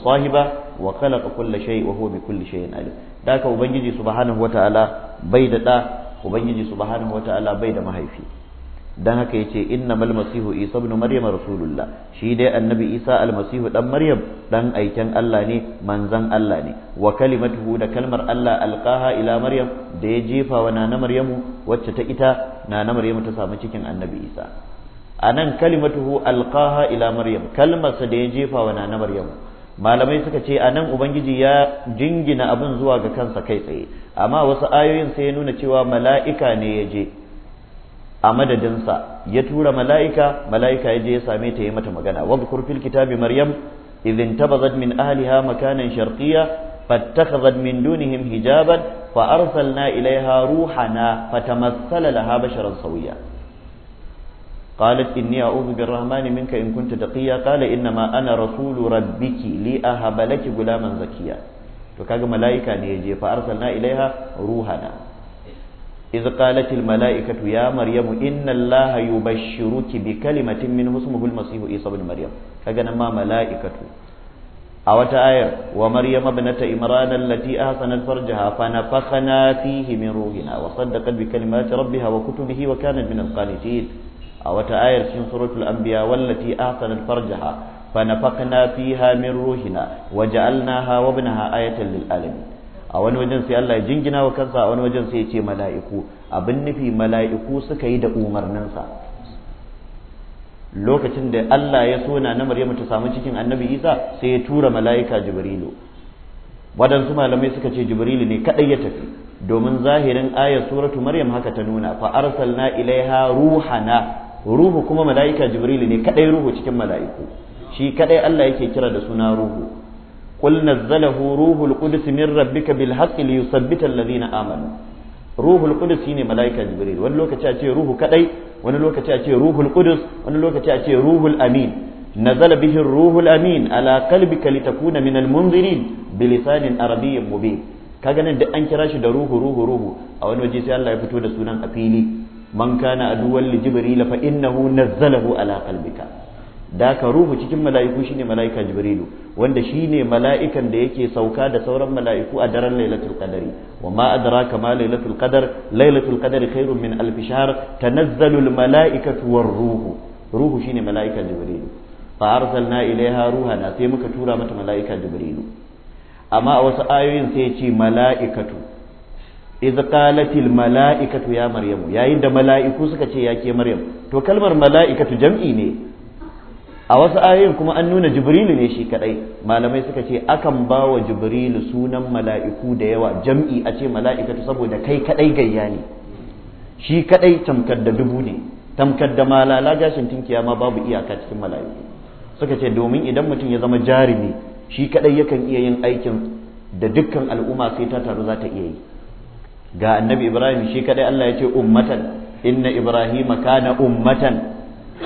sahiba wa khalaqa صاحبة shay'in wa huwa bi kulli shay'in alim daka ubangiji subhanahu wataala bai da ɗa ubangiji subhanahu wataala bai da mahaifi dan haka yace innamal masihu isa ibn maryam rasulullah shi dai annabi isa almasihu dan maryam dan aiken Allah ne manzan Allah ne wa kalimatuhu da kalmar Allah alqaha ila maryam da ya jefa wa nana maryamu wacce ta ita nana maryamu ta samu cikin annabi isa anan kalimatuhu alqaha ila maryam kalmarsa da ya jefa wa nana maryamu malamai suka ce anan ubangiji ya jingina abin zuwa ga kansa kai tsaye amma wasu ayoyin sai ya nuna cewa mala'ika ne ya je a madadinsa ya tura mala’ika, mala’ika ya je ya same ta yi mata magana, wadda kurfil kitabi Maryam, izin tabazad min aliha makanan sharqiyya fattakhadhat min dunihim hijaban fa arsalna ilaiha ruhana fatamassala laha basharan sawiya qalat inni a'udhu birrahman minka in kunta taqiya qala inna ma ana rasulu rabbiki li ahabalaki gulaman zakiya to kaga malaika ne yaje fa arsalna ilaiha ruhana إذ قالت الملائكة يا مريم إن الله يبشرك بكلمة منه اسمه المسيح عيسى بن مريم كجنا ما ملائكة أو تآية ومريم ابنة إمران التي أحسنت فرجها فنفخنا فيه من روحنا وصدقت بكلمات ربها وكتبه وكانت من القانتين أو تآية في سورة الأنبياء والتي أحسنت فرجها فنفخنا فيها من روحنا وجعلناها وابنها آية للعالمين a wani wajen sai Allah ya jingina wa kansa a wani wajen sai ya ce mala'iku abin nufi mala'iku suka yi da umarninsa lokacin da Allah ya so na maryam ta samu cikin Annabi Isa sai ya tura mala'ika Jibrilu wadansu malamai suka ce Jibrilu ne kadai ya tafi domin zahirin ayar suratu Maryam haka ta nuna fa arsalna ilaiha ruhana ruhu kuma mala'ika Jibrilu ne kadai ruhu cikin mala'iku shi kadai Allah yake kira da suna ruhu qul nazzalahu ruhul qudus min rabbika bil haqqi li yuthabbita alladhina amanu ruhul qudus shine malaika jibril wani lokaci a ce ruhu kadai wani lokaci a ruhul qudus wani lokaci a ruhul amin nazala bihin ruhul amin ala qalbika litakuna min al munzirin bilisanin arabiyyin mubin kaga nan da an kira shi da ruhu ruhu ruhu a wani waje sai Allah ya fito da sunan a fili man kana aduwwan li jibril fa innahu nazzalahu ala qalbika da ka ruhu cikin mala'iku shine mala'ika jibrilu wanda shine mala'ikan da yake sauka da sauran mala'iku a daren lailatul qadari wa ma adraka kama lailatul qadar lailatul qadari khairun min alfishar ta tanazzalul mala'ikatu war ruhu ruhu shine mala'ika jibrilu fa arsalna ilaiha na sai muka tura mata mala'ika jibrilu amma a wasu ayoyin sai ce mala'ikatu iz mala'ikatu ya maryamu yayin da mala'iku suka ce yake maryam to kalmar mala'ikatu jam'i ne a wasu ayoyin kuma an nuna jibrilu ne shi kadai malamai suka ce akan ba wa jibrilu sunan mala'iku da yawa jam'i a ce mala'ikatu saboda kai kadai gayya ne shi kadai tamkar da dubu ne tamkar da malala gashin tinkiya ma babu iyaka cikin mala'iku suka ce domin idan mutum ya zama jarumi shi kadai yakan iya yin aikin da dukkan al'umma sai ta taru za ta iya yi ga annabi ibrahim shi kadai allah ya ce ummatan inna ibrahima kana ummatan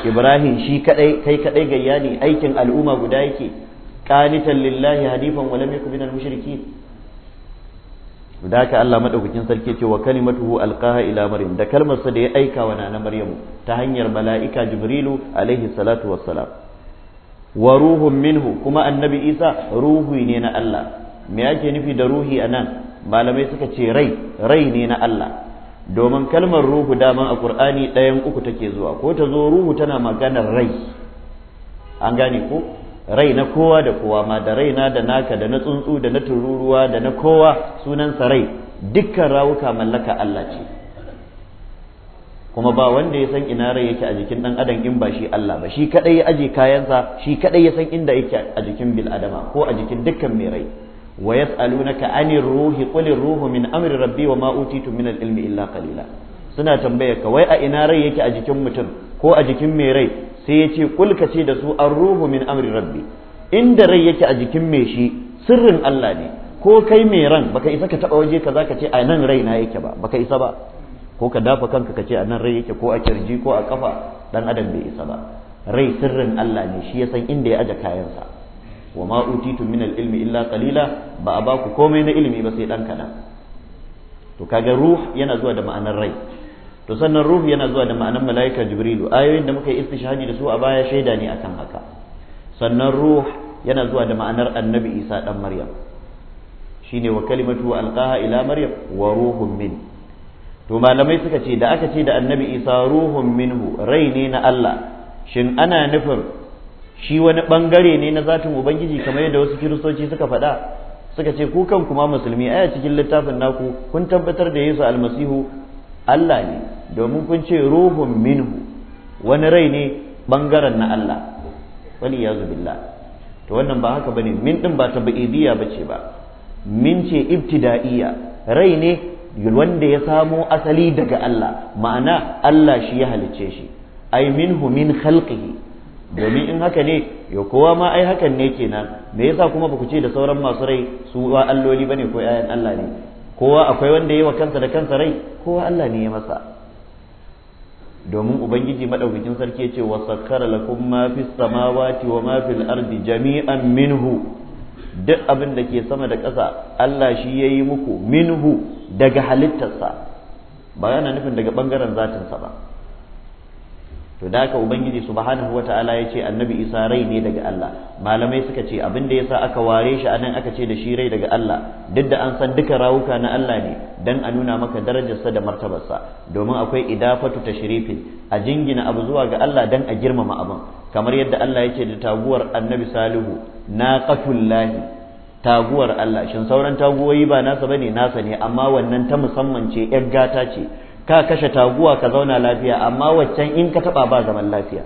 ibrahim shi kadai kai kadai gayya ne aikin al'umma guda yake qanitan lillahi hanifan wa lam yakun minal mushrikin da Allah madaukakin sarki ce wa kalimatuhu alqaha ila maryam da kalmarsa da ya aika wa nana maryamu ta hanyar mala'ika jibrilu alaihi salatu wassalam wa ruhun minhu kuma annabi isa ruhi ne na Allah me yake nufi da ruhi anan malamai suka ce rai rai ne na Allah domin kalmar ruhu dama a ƙur'ani ɗayan uku take zuwa ko ta zo ruhu tana maganar rai an gane ko rai na kowa da kowa ma da na da naka da na tsuntsu da na tururuwa da na kowa sunansa rai dukkan rawuka mallaka Allah ce kuma ba wanda ya san ina rai yake a jikin ɗan adam in ba shi Allah ba shi kaɗai ya aje kayansa shi kaɗai ya san inda yake a jikin bil'adama ko a jikin dukkan mai rai wa yas'alunaka anir ruhi qul ruhu min amri rabbi wa ma utitu min al-ilmi illa qalila suna tambayar ka wai a ina rai yake a jikin mutum ko a jikin mai rai sai ya ce kul ka ce da su an ruhu min amri rabbi inda rai yake a jikin mai shi sirrin Allah ne ko kai mai ran baka isa ka taba waje ka zaka ce a nan rai na yake ba baka isa ba ko ka dafa kanka ka ce a nan rai yake ko a kirji ko a kafa dan adam bai isa ba rai sirrin Allah ne shi ya san inda ya aje kayansa wa ma utitu min ilmi illa qalila ba a baku komai na ilimi ba sai dan kaɗan to kaga ruh yana zuwa da ma'anar rai to sannan ruh yana zuwa da ma'anar mala'ika jibrilu ayoyin da muka yi istishhadi da su a baya shaida ne akan haka sannan ruh yana zuwa da ma'anar annabi isa dan maryam shine wa kalimatu alqaha ila maryam wa ruhun min to malamai suka ce da aka ce da annabi isa ruhun minhu rai ne na Allah shin ana nufin shi wani bangare ne na zatin ubangiji kamar yadda wasu kiristoci suka faɗa suka ce ku kan kuma musulmi aya cikin littafin naku kun tabbatar da Yesu almasihu Allah ne domin kun ce ruhun minhu wani rai ne bangaren na Allah wani ya billah to wannan ba haka bane min din ba tabi'idiyya bace ba min ce ibtida'iyya rai ne wanda ya samo asali daga Allah ma'ana Allah shi ya halicce shi ai minhu min khalqihi domin in haka ne ya kowa ma ai hakan ne kenan me yasa kuma ba ku ce da sauran masu rai su wa alloli ne ko ƴaƴan Allah ne kowa akwai wanda yayi wa kansa da kansa rai kowa Allah ne ya masa domin ubangiji madaukakin sarki ya ce wa sakkara lakum ma fis samawati wa ma fil jami'an minhu duk abin da ke sama da ƙasa Allah shi ya yi muku minhu daga halittarsa ba yana nufin daga ɓangaren zatinsa ba to da haka ubangiji subhanahu wataala ya ce annabi isa rai ne daga Allah malamai suka ce abin da yasa aka ware shi anan aka ce da shi rai daga Allah duk da an san duka rawuka na Allah ne dan a nuna maka darajarsa da martabarsa domin akwai idafatu tashrifin a jingina abu zuwa ga Allah dan a girmama abin kamar yadda Allah ya ce da taguwar annabi salihu na naqatullahi taguwar Allah shin sauran taguwoyi ba nasa bane nasa ne amma wannan ta musamman ce yar gata ce ka kashe taguwa ka zauna lafiya amma waccan in ka taba ba zaman lafiya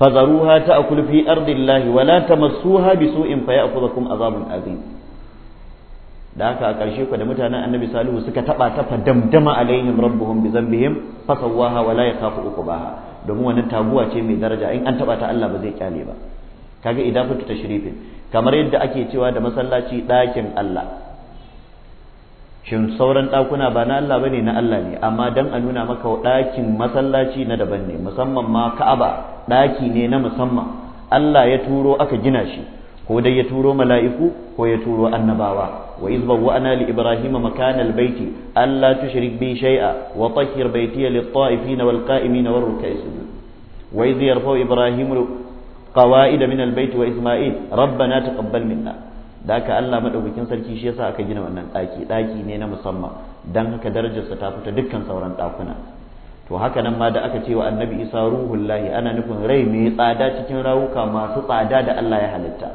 fazaruha ta'kul fi ardillahi wa la tamassuha fa ya'khudhukum azabun azim da haka a ƙarshe ku da mutanen annabi salihu suka taba ta fadamdama alaihim rabbuhum bi dhanbihim fasawaha wa la yakhafu uqbaha domin wannan taguwa ce mai daraja in an taba ta Allah ba zai kyale ba kaga idafatu tashrifin kamar yadda ake cewa da masallaci ɗakin Allah shin sauran ɗakuna ba na Allah bane na Allah ne amma dan a nuna maka ɗakin masallaci na daban ne musamman ma Ka'aba ɗaki ne na musamman Allah ya turo aka gina shi ko dai ya turo mala'iku ko ya turo annabawa wa iz bawwa'na li ibrahima makana albayti alla tushrik bi shay'a wa tahhir baytiya lit ta'ifina wal qa'imina war ruk'a'is wa iz yarfa'u ibrahimu qawa'ida min albayti wa isma'il rabbana taqabbal minna da aka Allah maɗaukakin sarki shi yasa aka gina wannan ɗaki ɗaki ne na musamman don haka darajarsa ta fita dukkan sauran ɗakuna? to haka nan ma da aka ce wa annabi isa ruhullahi ana nufin rai mai tsada cikin rawuka masu tsada da Allah ya halitta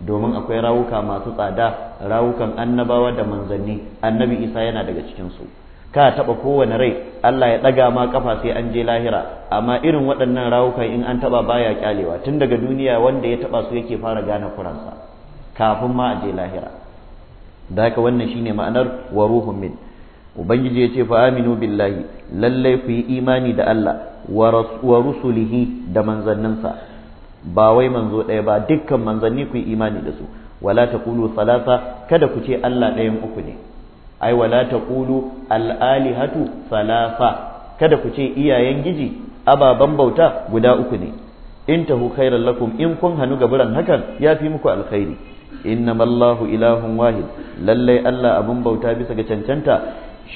domin akwai rawuka masu tsada rawukan annabawa da manzanni annabi isa yana daga cikin su ka taɓa kowane rai Allah ya ɗaga ma kafa sai an je lahira amma irin waɗannan rawuka in an taɓa baya kyalewa tun daga duniya wanda ya taba su yake fara gane kuransa kafin ma a je lahira da haka wannan shine ma'anar wa ruhun min ubangiji ya ce fa aminu billahi lallai ku yi imani da Allah wa rusulihi da manzanninsa ba wai manzo ɗaya ba dukkan manzanni ku yi imani da su wala taqulu salasa kada ku ce Allah ɗayan uku ne ai wala taqulu al-alihatu salasa kada ku ce iyayen giji ababen bauta guda uku ne in tahu khairan lakum in kun hanu gaburan hakan ya fi muku alkhairi innama Allahu ilahun wahid lallai Allah abin bauta bisa ga cancanta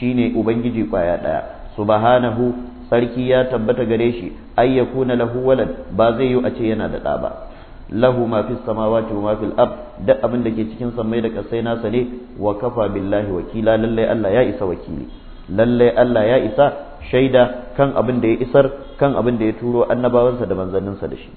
shine ubangiji kwaya daya subhanahu sarki ya tabbata gare shi ayyaku na lahu walad ba zai yiwu a ce yana da ɗa ba lahu ma fis samawati wa ma abin da ke cikin sammai da kasai nasa ne wa kafa billahi wakila lallai Allah ya isa wakili lallai Allah ya isa shaida kan abin da ya isar kan abin da ya turo annabawansa da manzanninsa da shi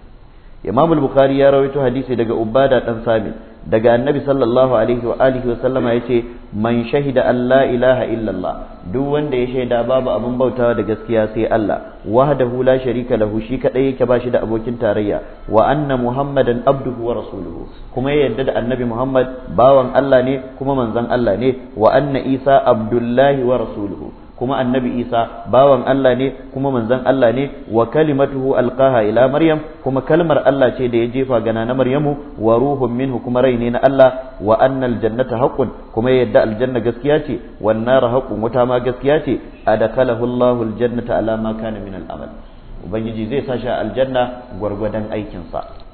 imamul al ya rawaito hadisi daga Ubada dan Samit daga annabi sallallahu alaihi wa alihi wa sallama yace man shahida an la ilaha illallah duk wanda ya shaida babu abin bautawa da gaskiya sai Allah wahdahu la sharika lahu shi kadai yake bashi da abokin tarayya wa anna muhammadan abduhu wa rasuluhu kuma ya yarda da annabi muhammad bawan Allah ne kuma manzon Allah ne wa anna isa abdullahi wa rasuluhu kuma annabi isa bawan Allah ne kuma manzon Allah ne wa kalimatuhu alqaha ila maryam kuma kalmar Allah ce da ya jefa gana na maryamu wa ruhun minhu kuma rai ne na Allah wa annal jannata haqqun kuma yadda aljanna gaskiya ce wan nar haqqun wuta ma gaskiya ce adakalahu da aljannata ala ma kana min al'amal ubangiji zai sa shi aljanna gwargwadon aikinsa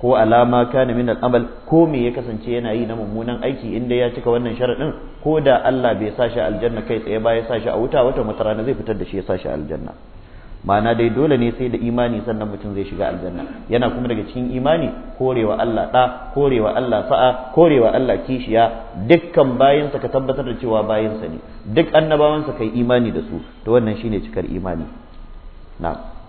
ko alama kana min amal, ko me ya kasance yana yi na mummunan aiki inda ya cika wannan sharadin ko da Allah bai sa shi aljanna kai tsaye ba ya sa shi a wuta wata rana zai fitar da shi ya sa shi aljanna ma'ana dai dole ne sai da imani sannan mutum zai shiga aljanna yana kuma daga cikin imani korewa Allah da korewa Allah sa'a korewa Allah kishiya dukkan bayansa ka tabbatar da cewa bayansa ne duk annabawansa kai imani da su to wannan shine cikar imani na'am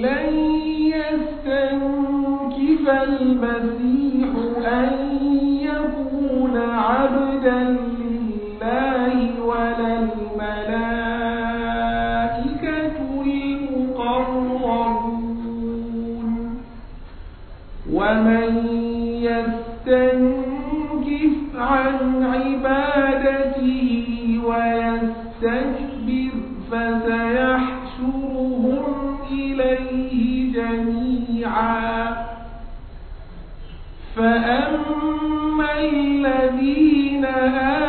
لن يستنكف المسيح أن يكون عبدا لله ولا الملائكة المقربون ومن يستنكف عن عبادته ويستكبر فسيحفظ جميعا فأما الذين آمنوا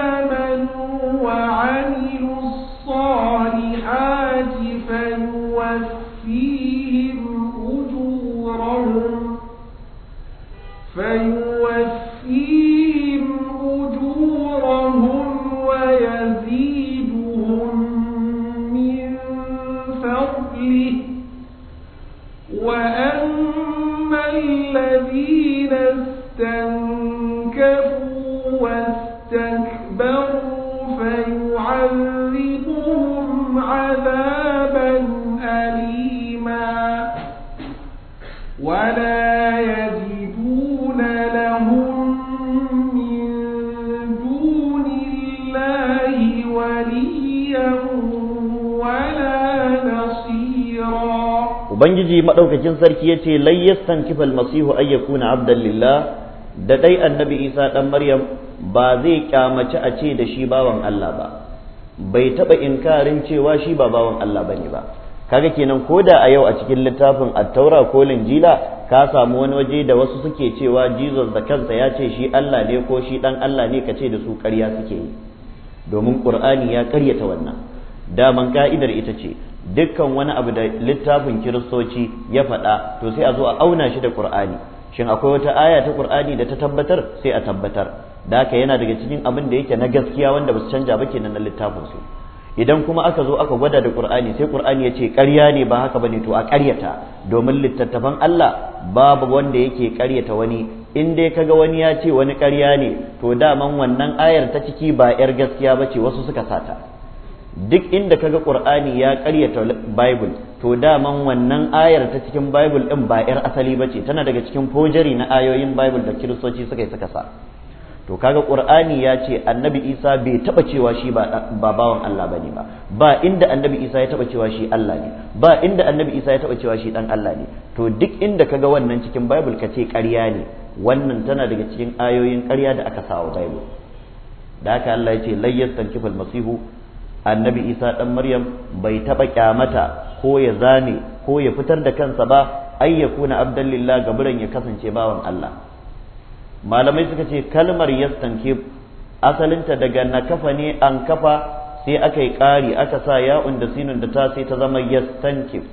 madaukakin sarki ya ce yastankifa kifal masihu ayyaku na lillah da dai annabi isa dan maryam ba zai kyamaci a ce da shi bawan Allah ba bai taba inkarin cewa shi ba bawan Allah bane ba kaga kenan ko da a yau a cikin littafin Attaura taura ko linjila ka samu wani waje da wasu suke cewa Jesus da kansa ya ce shi Allah ne ko shi dan Allah ne kace da su karya suke yi domin Qur'ani ya ƙaryata wannan daman ka'idar ita ce dukkan wani abu da littafin kiristoci ya faɗa to sai a zo a auna shi da qur'ani shin akwai wata aya ta qur'ani da ta tabbatar sai a tabbatar da haka yana daga cikin abin da yake na gaskiya wanda ba su canja ba kenan na littafin su idan kuma aka zo aka gwada da qur'ani sai qur'ani ya ce ƙarya ne ba haka bane to a ƙaryata domin littattafan Allah babu wanda yake ƙaryata wani in dai kaga wani ya ce wani ƙarya ne to daman wannan ayar ta ciki ba 'yar gaskiya ba ce wasu suka sata duk inda kaga qur'ani ya ƙaryata bible to daman wannan ayar ta cikin bible din ba yar asali bace tana daga cikin fojari na ayoyin bible da kiristoci suka yi suka sa to kaga qur'ani ya ce annabi isa bai taba cewa shi ba bawan allah bane ba ba inda annabi isa ya taba cewa shi allah ne ba inda annabi isa ya taba cewa shi dan allah ne to duk inda kaga wannan cikin bible kace ƙarya ne wannan tana daga cikin ayoyin ƙarya da aka sa wa bible da haka allah ya ce layyastan kifal masihu annabi isa ɗan maryam bai taɓa kyamata ko ya zane ko ya fitar da kansa ba ai ya kuna abdallillah gaburan ya kasance bawan allah malamai suka ce kalmar yastanke asalinta daga nakafa ne an kafa sai aka yi ƙari aka sa ya'un da sinun da ta sai ta zama yastanke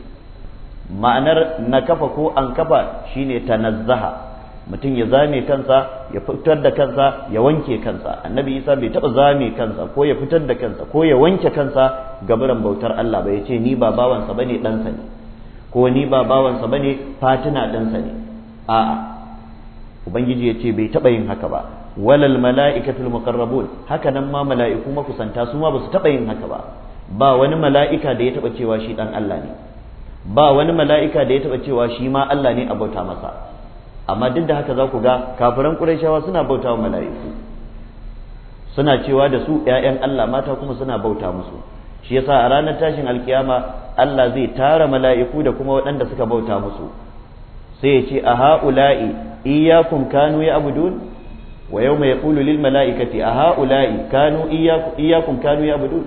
ma'anar nakafa ko an kafa shine tanazzaha mutum ya zame kansa ya fitar da kansa ya wanke kansa annabi isa bai taɓa zame kansa ko ya fitar da kansa ko ya wanke kansa gaburan bautar allah ba ya ce ni ba bawansa bane ɗansa ne ko ni ba bawansa bane fatina ɗansa ne a'a ubangiji ya ce bai taɓa yin haka ba walal mala'ikatul muqarrabun haka nan ma mala'iku makusanta su ma ba su taɓa yin haka ba ba wani mala'ika da ya taɓa cewa shi ɗan allah ne ba wani mala'ika da ya taɓa cewa shi ma allah ne a bauta masa amma duk da haka za ku ga kafiran ƙurayshawa suna bauta wa mala'iku suna cewa da su ‘ya'yan Allah mata kuma suna bauta musu shi yasa a ranar tashin alkiyama Allah zai tara mala'iku da kuma waɗanda suka bauta musu sai ya ce a ha'ula'i iyakum kanu ya abudun wa yau mai kulu mala'ikati a ha'ula'i iyakum kanu ya abudun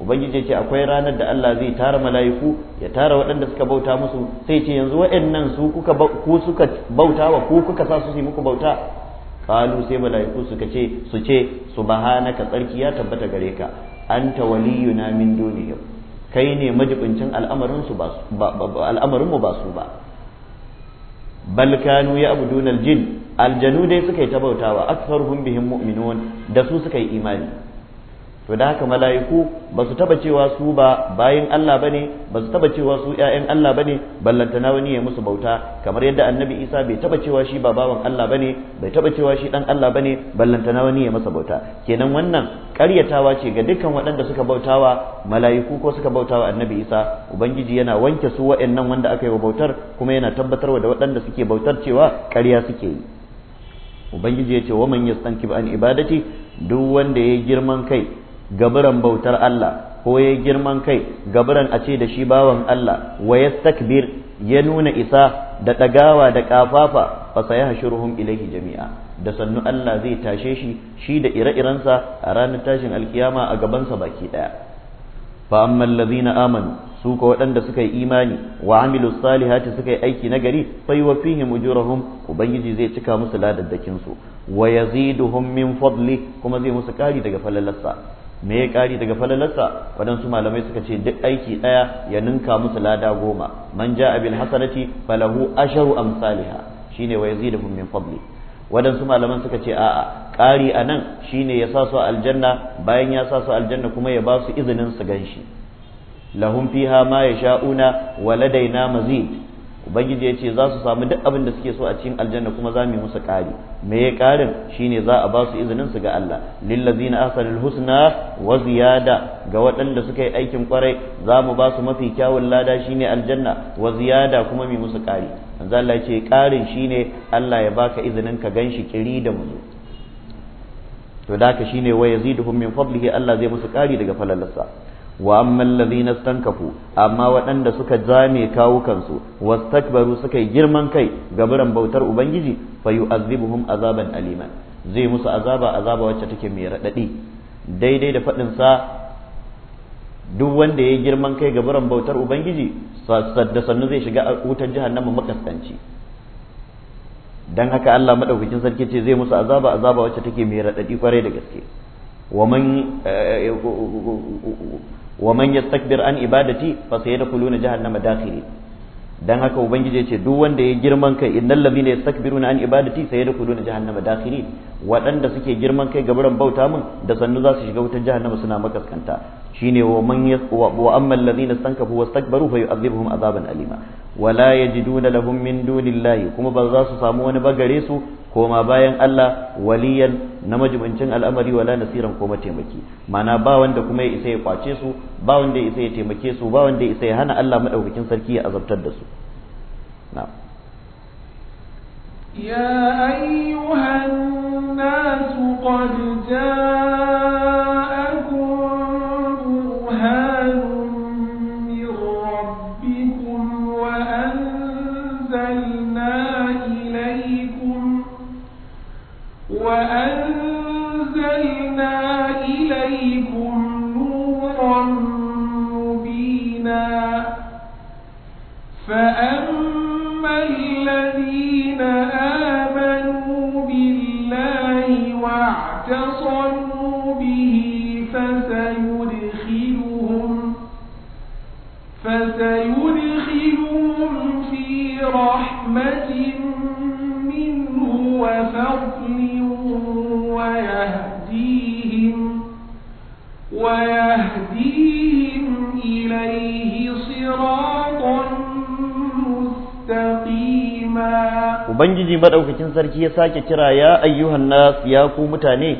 ubangiji ce akwai ranar da Allah zai tara mala'iku ya tara waɗanda suka bauta musu sai ce yanzu waɗannan su kuka ku suka bauta wa ku kuka sa su yi muku bauta qalu sai mala'iku suka ce su ce subhanaka tsarki ya tabbata gare ka anta waliyuna min duniyya kai ne majibincin al'amarin su ba al'amarin mu ba su ba bal kanu ya'buduna jin aljanu dai suka yi ta bautawa aktsaruhum bihim mu'minun da su suka yi imani to da haka mala'iku ba su taba cewa su ba bayin Allah bane ba su taba cewa su ƴaƴan Allah bane na wani ya musu bauta kamar yadda annabi Isa bai taba cewa shi ba bawan Allah bane bai taba cewa shi dan Allah bane na wani ya masa bauta kenan wannan ƙaryatawa ce ga dukkan waɗanda suka bautawa mala'iku ko suka bautawa annabi Isa ubangiji yana wanke su waɗannan wanda aka yi wa bautar kuma yana tabbatarwa da waɗanda suke bautar cewa ƙarya suke yi ubangiji ya ce wa man yastankibu an ibadati duk wanda ya girman kai gaburan bautar Allah ko ya girman kai gaburan a ce da shi bawan Allah wa yastakbir ya nuna isa da ɗagawa da ƙafafa fa sayahshuruhum ilaihi jami'a da sannu Allah zai tashe shi shi da ire-irensa a ranar tashin alkiyama a gabansa baki ɗaya fa amma allazina amanu su ko waɗanda suka yi imani wa amilu salihati suka yi aiki na gari fa yuwaffihim ujurahum ubangiji zai cika musu ladaddakin su wa yaziduhum min fadli kuma zai musu ƙari daga falalarsa me ya kari daga falalarsa waɗansu malamai suka ce duk aiki ɗaya ya ninka musu lada goma man ja abil hasanati falahu asharu amsalha shine wa yaziduhum min fadli waɗansu malaman suka ce a'a ƙari a nan shine ya sa su aljanna bayan ya sa su aljanna kuma ya ba su izinin su ganshi lahum fiha ma yasha'una wa ladaina mazid ubangiji ya ce za su samu duk abin da suke so a cikin aljanna kuma za mu musu ƙari me ya ƙarin shine za a ba su izinin su ga Allah lillazina ahsanul husna wa ziyada ga waɗanda suka yi aikin kwarai za mu ba su mafi kyawun lada shine aljanna wa ziyada kuma mu musu ƙari manzo Allah ya ce ƙarin shine Allah ya baka izinin ka ganshi kiri da mu to da ka shine wa yaziduhum min fadlihi Allah zai musu ƙari daga falalarsa wa amman ladhina stankafu amma waɗanda suka zame kawukansu wastakbaru suka yi girman kai gaburan bautar ubangiji fa azaban aliman zai musu azaba azaba wacce take mai radadi daidai da fadin sa duk wanda ya yi girman kai gaburan bautar ubangiji sadda sannu zai shiga wutar jahannama makaskanci dan haka Allah madaukakin sarki ce zai musu azaba azaba wacce take mai radadi kwarai da gaske wa man eh, eh, eh, wa man yastakbir an ibadati fa sayadkhuluna dan haka ubangiji ce duk wanda ya girman kai innal ladhina yastakbiruna an ibadati sayadkhuluna jahannama dakhirin waɗanda suke girman kai gaburan bauta min da sannu za su shiga wutar jahannama suna makaskanta shine wa man wa ammal ladhina stankafu wastakbaru fa yu'adhibuhum alima wala yajiduna lahum min dunillahi kuma ba za su samu wani bagare su koma bayan Allah waliyan na majibincin al'amari wala nasiran ko mataimaki mana ba wanda kuma ya isa ya kwace su ba wanda ya isa ya taimake su ba wanda ya isa ya hana Allah madaukakin sarki ya azabtar da su na. Ya ayyuhan nasu قد فأما الذين آمنوا بالله واعتصموا به فسيدخلهم فسيدخلهم في رحمة منه وفضل ويهديهم ويهديهم ubangiji madaukakin sarki ya sake kira ya ayyuhan nas ya ku mutane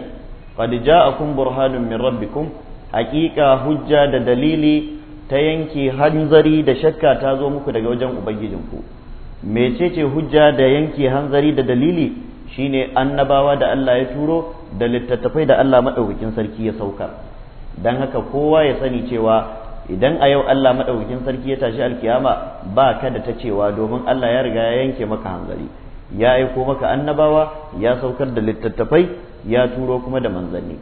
qad ja'akum burhanun min rabbikum haqiqa hujja da dalili ta yanke hanzari da shakka ta zo muku daga wajen ubangijinku mecece hujja da yanke hanzari da dalili shine annabawa da Allah ya turo da littattafai da Allah madaukakin sarki ya saukar dan haka kowa ya sani cewa idan a yau Allah maɗaukakin sarki ya tashi alkiyama ba ka da ta cewa domin Allah ya riga ya yanke maka hanzari ya aiko maka annabawa ya saukar da littattafai ya turo kuma da manzanni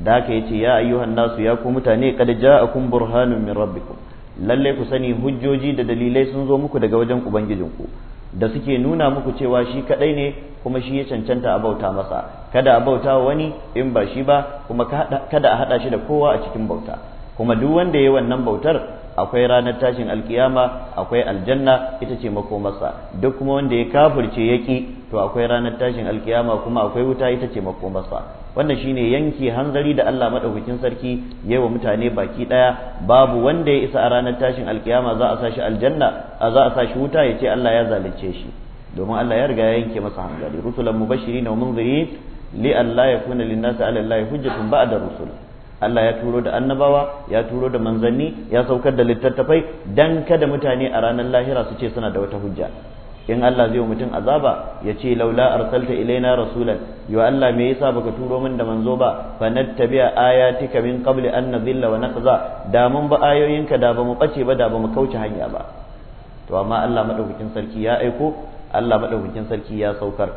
da haka ce ya ayyuhan nasu ya ku mutane kad ja'akum burhanun min rabbikum lalle ku sani hujjoji da dalilai sun zo muku daga wajen ubangijinku da suke nuna muku cewa shi kadai ne kuma shi ya cancanta a bauta masa kada a bauta wani in ba shi ba kuma kada a hada shi da kowa a cikin bauta kuma duk wanda ya wannan bautar akwai ranar tashin alkiyama akwai aljanna ita ce makomarsa duk kuma wanda ya kafirce yaki to akwai ranar tashin alkiyama kuma akwai wuta ita ce makomarsa wannan shine yanke hanzari da Allah madaukakin sarki yayi wa mutane baki daya babu wanda ya isa a ranar tashin alkiyama za a sashi aljanna a za a sashi wuta ya ce Allah ya zalunce shi domin Allah ya riga ya yanke masa hanzari rusulan mubashirin wa munzirin li alla yakuna lin-nasi 'ala Allahi hujjatun ba'da rusul Allah ya turo da annabawa ya turo da manzanni ya saukar da littattafai dan kada mutane a ranar lahira su ce suna da wata hujja in Allah zai mutum azaba ya ce laula arsalta ilaina rasulan yo Allah me yasa baka turo min da manzo ba fa nattabi'a ayatika min qabli an nadhilla wa naqza da mun ba ayoyinka da ba mu bace ba da ba mu kauce hanya ba to amma Allah madaukakin sarki ya aiko Allah madaukakin sarki ya saukar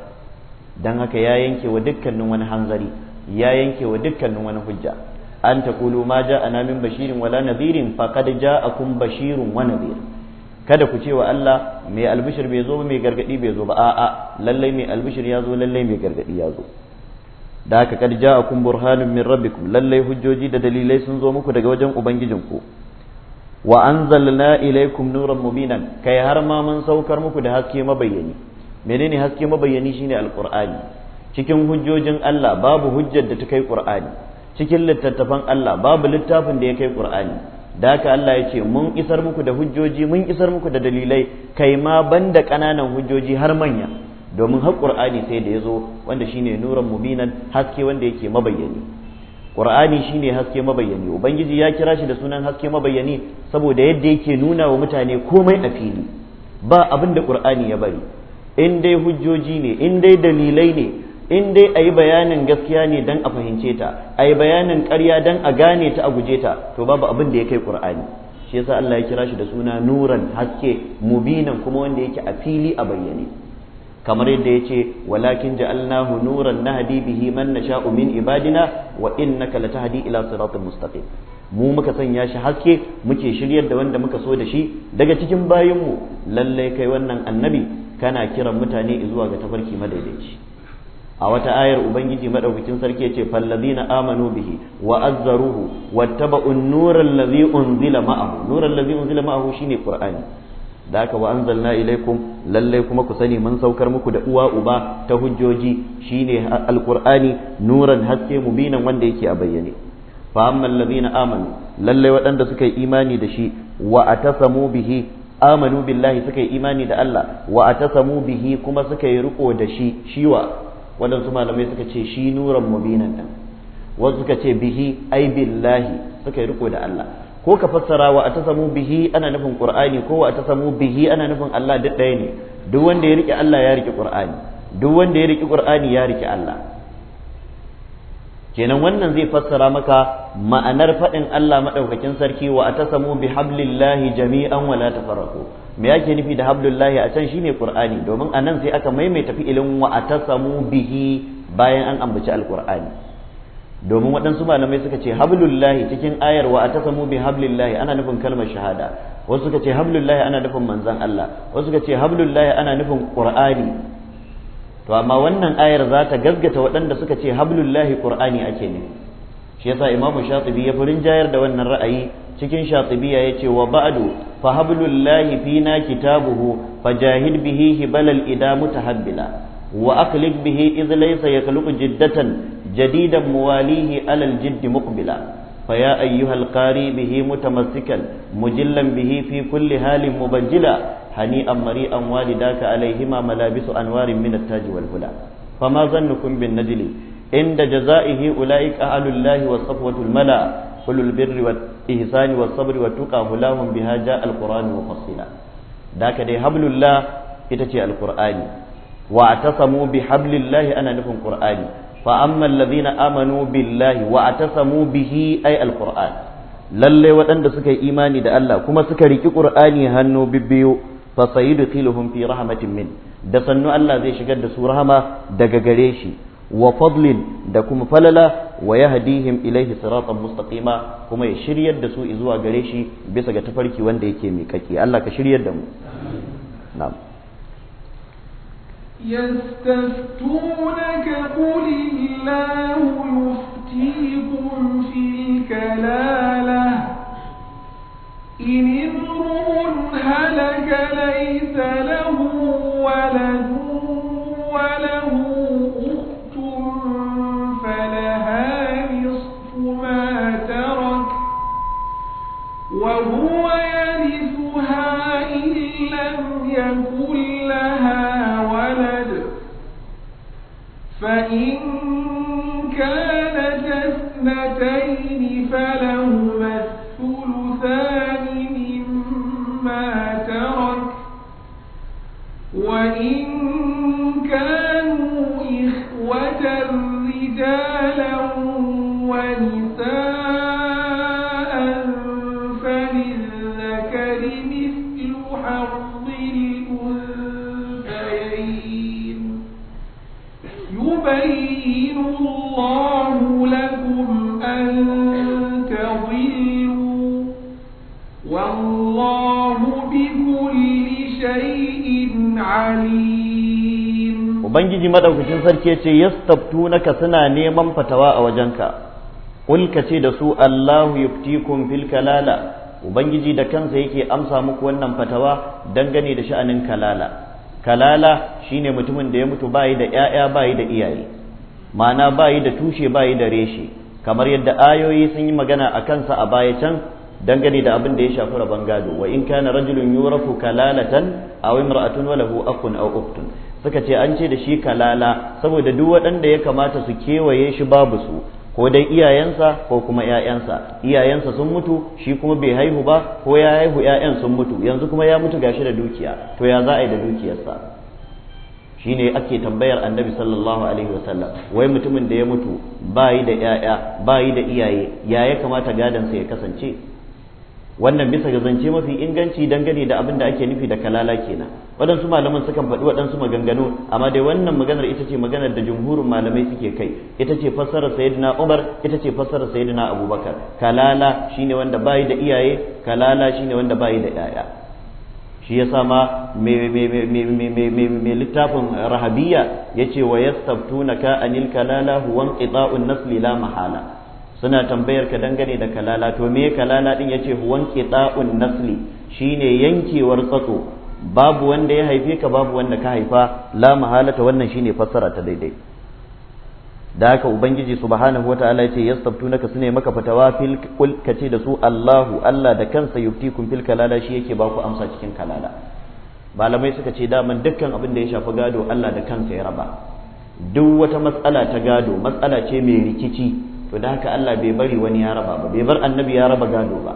dan haka ya yanke wa dukkanin wani hanzari ya yanke wa dukkanin wani hujja an kulu ma a namin bashirin wala nadhirin faqad bashirin bashirun wa nadhir kada ku ce wa Allah mai albishir bai zo ba mai gargadi bai zo ba a'a lallai mai albishir ya zo lallai mai gargadi ya zo da haka a kun burhanun min rabbikum lallai hujjoji da dalilai sun zo muku daga wajen ubangijinku wa anzalna ilaikum nuran mubinan kai har ma mun saukar muku da haske mabayyani menene haske mabayyani shine alqur'ani cikin hujjojin Allah babu hujjar da ta kai qur'ani cikin littattafan Allah babu littafin da ya kai Qur'ani da haka Allah ya ce mun isar muku da hujjoji mun isar muku da dalilai kai ma banda ƙananan hujjoji har manya domin har Qur'ani sai da ya zo wanda shine nuran mubinan haske wanda yake mabayyani Qur'ani shine haske mabayyani ubangiji ya kira shi da sunan haske mabayyani saboda yadda yake nuna wa mutane komai a fili ba abin da Qur'ani ya bari in dai hujjoji ne in dai dalilai ne in dai a yi bayanin gaskiya ne don a fahimce ta a yi bayanin karya don a gane ta a guje ta to babu abin da ya kai ƙur'ani shi yasa Allah ya kira shi da suna nuran haske mubinan kuma wanda yake a fili a bayyane kamar yadda ya ce walakin ja'alnahu nuran nahdi bihi man nasha'u min ibadina wa innaka latahdi ila siratin mustaqim mu muka sanya shi haske muke shiryar da wanda muka so da shi daga cikin bayinmu lallai kai wannan annabi kana kiran mutane zuwa ga tafarki madaidaici a wata ayar ubangiji madaukakin sarki yace fallazina amanu bihi wa azzaruhu wattaba'u an-nural ladhi unzila ma'ahu nural ladhi unzila ma'ahu shine qur'ani da aka wa anzalna ilaikum lallai kuma ku sani mun saukar muku da uwa uba ta hujjoji shine alqur'ani nuran haske mubinan wanda yake a bayyane fa amma alladhina amanu lallai waɗanda suka yi imani da shi wa atasamu bihi amanu billahi suka yi imani da Allah wa atasamu bihi kuma suka yi riko da shi shiwa waɗansu malamai suka ce shi nuran mubinan ɗin wasu suka ce bihi ai billahi suka yi riko da Allah ko ka fassara wa samu bihi ana nufin qur'ani ko wa bihi ana nufin Allah duk ɗaya ne duk wanda ya rike Allah ya rike qur'ani duk wanda ya rike qur'ani ya rike Allah kenan wannan zai fassara maka ma'anar faɗin Allah maɗaukakin sarki wa atasamu bi hablillahi jami'an wa la tafarraqu me yake nufi da hablillahi a can shine qur'ani domin anan sai aka maimaita fi'ilin wa atasamu bihi bayan an ambaci alqur'ani domin waɗansu malamai suka ce hablullahi cikin ayar wa atasamu bi hablillahi ana nufin kalmar shahada wasu suka ce hablullahi ana nufin manzon Allah wasu suka ce hablullahi ana nufin qur'ani to amma wannan ayar za ta gaskata waɗanda suka ce hablullahi qur'ani ake ne shi yasa imamu shatibi ya furin jayar da wannan ra'ayi cikin shatibiya ya ce wa ba'du fa hablullahi fina kitabuhu fajahid bihi hibalal ida mutahabbila wa aqlib bihi idh laysa yakhluqu jiddatan jadidan muwalihi alal jiddi muqbila فيا أيها القاري به متمسكا مجلا به في كل حال مبجلا hani amari mari an walida ka alaihi ma an warin min attaji wal hula fa ma zannukum bin najli inda jazaihi ulaika alullahi wa safwatul mala kulul birri wa ihsani wa sabri wa tuqa hulahum biha jaa al qur'an wa da ka dai hablullah ita ce alqur'ani wa atasamu hablillahi ana nufin qur'ani fa amma alladhina amanu billahi wa atasamu bihi ay alqur'an waɗanda suka yi imani da Allah kuma suka riki qur'ani hannu bibbiyu fa sayudkhiluhum fi rahmatin min da sannu Allah zai shigar da su rahama daga gare shi wa fadlin da kuma falala wa yahdihim ilaihi siratan mustaqima kuma ya shiryar da su zuwa gare shi bisa ga tafarki wanda yake mai kake Allah ka shiryar da mu na'am يستفتونك قل الله يفتيكم في كلاله إن امرؤ هلك ليس له ولد وله أخت فلها نصف ما ترك وهو يرثها إن لم يكن لها ولد فإن كانت اثنتين فلهما وإن كانوا إخوة رجال alim ubangiji madaukakin sarki yace naka suna neman fatawa a wajenka kul kace da su allahu yuftikum fil kalala ubangiji da kansa yake amsa muku wannan fatawa dangane da sha'anin kalala kalala shine mutumin da ya mutu bayi da 'ya'ya bayi da iyaye ma'ana bayi da tushe bayi da reshe kamar yadda ayoyi sun yi magana a kansa a baya can dangane da abin da ya shafi rabon gado wa in kana rajulun yurafu kalalatan aw imra'atun wa lahu akun aw uktun suka ce an ce da shi kalala saboda duk waɗanda ya kamata su kewaye shi babu su ko dai iyayensa ko kuma ‘ya'yansa iyayensa sun mutu shi kuma bai haihu ba ko ya haihu ‘ya'yan sun mutu yanzu kuma ya mutu gashi da dukiya to ya za a yi da dukiyarsa shine ake tambayar annabi sallallahu alaihi wasallam wai mutumin da ya mutu bayi da ‘ya'ya bayi da iyaye ya ya kamata gadansa ya kasance wannan bisa ga zance mafi inganci dangane da abin da ake nufi da kalala kenan waɗansu malaman sukan faɗi waɗansu maganganu amma dai wannan maganar ita ce maganar da jumhurin malamai suke kai ita ce fassarar sayyidina Umar ita ce fassarar sayyidina Abubakar kalala shine wanda bayi da iyaye kalala shine wanda bai da yaya shi ya ma mai littafin rahabiyya yace wa yastabtunaka anil kalala huwa inqita'un nasli la mahala suna tambayar ka dangane da kalala to me kalala din yace huwan qita'un nasli shine yankewar tsatso babu wanda ya haife ka babu wanda ka haifa la mahalata wannan shine fassara ta daidai da haka ubangiji subhanahu wataala yace yastabtunaka sune maka fatawa fil kul kace da su Allahu Allah da kansa yuftikum fil kalala shi yake baku amsa cikin kalala malamai suka ce daman dukkan abin da ya shafi gado Allah da kansa ya raba duk wata matsala ta gado matsala ce mai rikici to da haka Allah bai bari wani ya raba ba bai bar annabi ya raba gado ba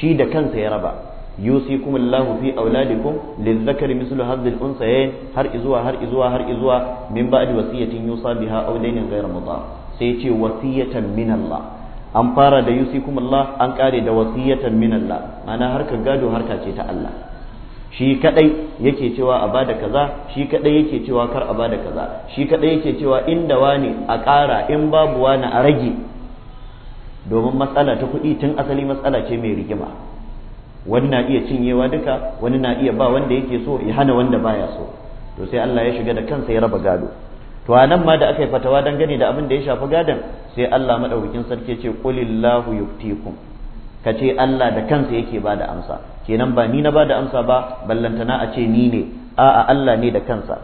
shi da kansa ya raba yusi kuma allahu fi auladikum lizzakari mislu hadhil unsayayn har izuwa har izuwa har izuwa min ba'di wasiyatin yusa biha aw dainin ghayr mudar sai ya ce wasiyatan min Allah an fara da yusi kuma Allah an kare da wasiyatan min Allah ma'ana harkar gado harka ce ta Allah shi kadai yake cewa a bada kaza shi kadai yake cewa kar a bada kaza shi kadai yake cewa inda wani a kara in babu wani a rage domin matsala ta kuɗi tun asali matsala ce mai rigima wani na iya cinyewa duka wani na iya ba wanda yake so ya hana wanda baya so to sai Allah ya shiga da kansa ya raba gado to a nan ma da aka yi fatawa dangane da abin da ya shafi gadon sai Allah madaukakin sarki ce qulillahu yuftikum ka ce Allah da kansa yake ba da amsa kenan ba ni na ba da amsa ba ballantana a ce ni ne a'a Allah ne da kansa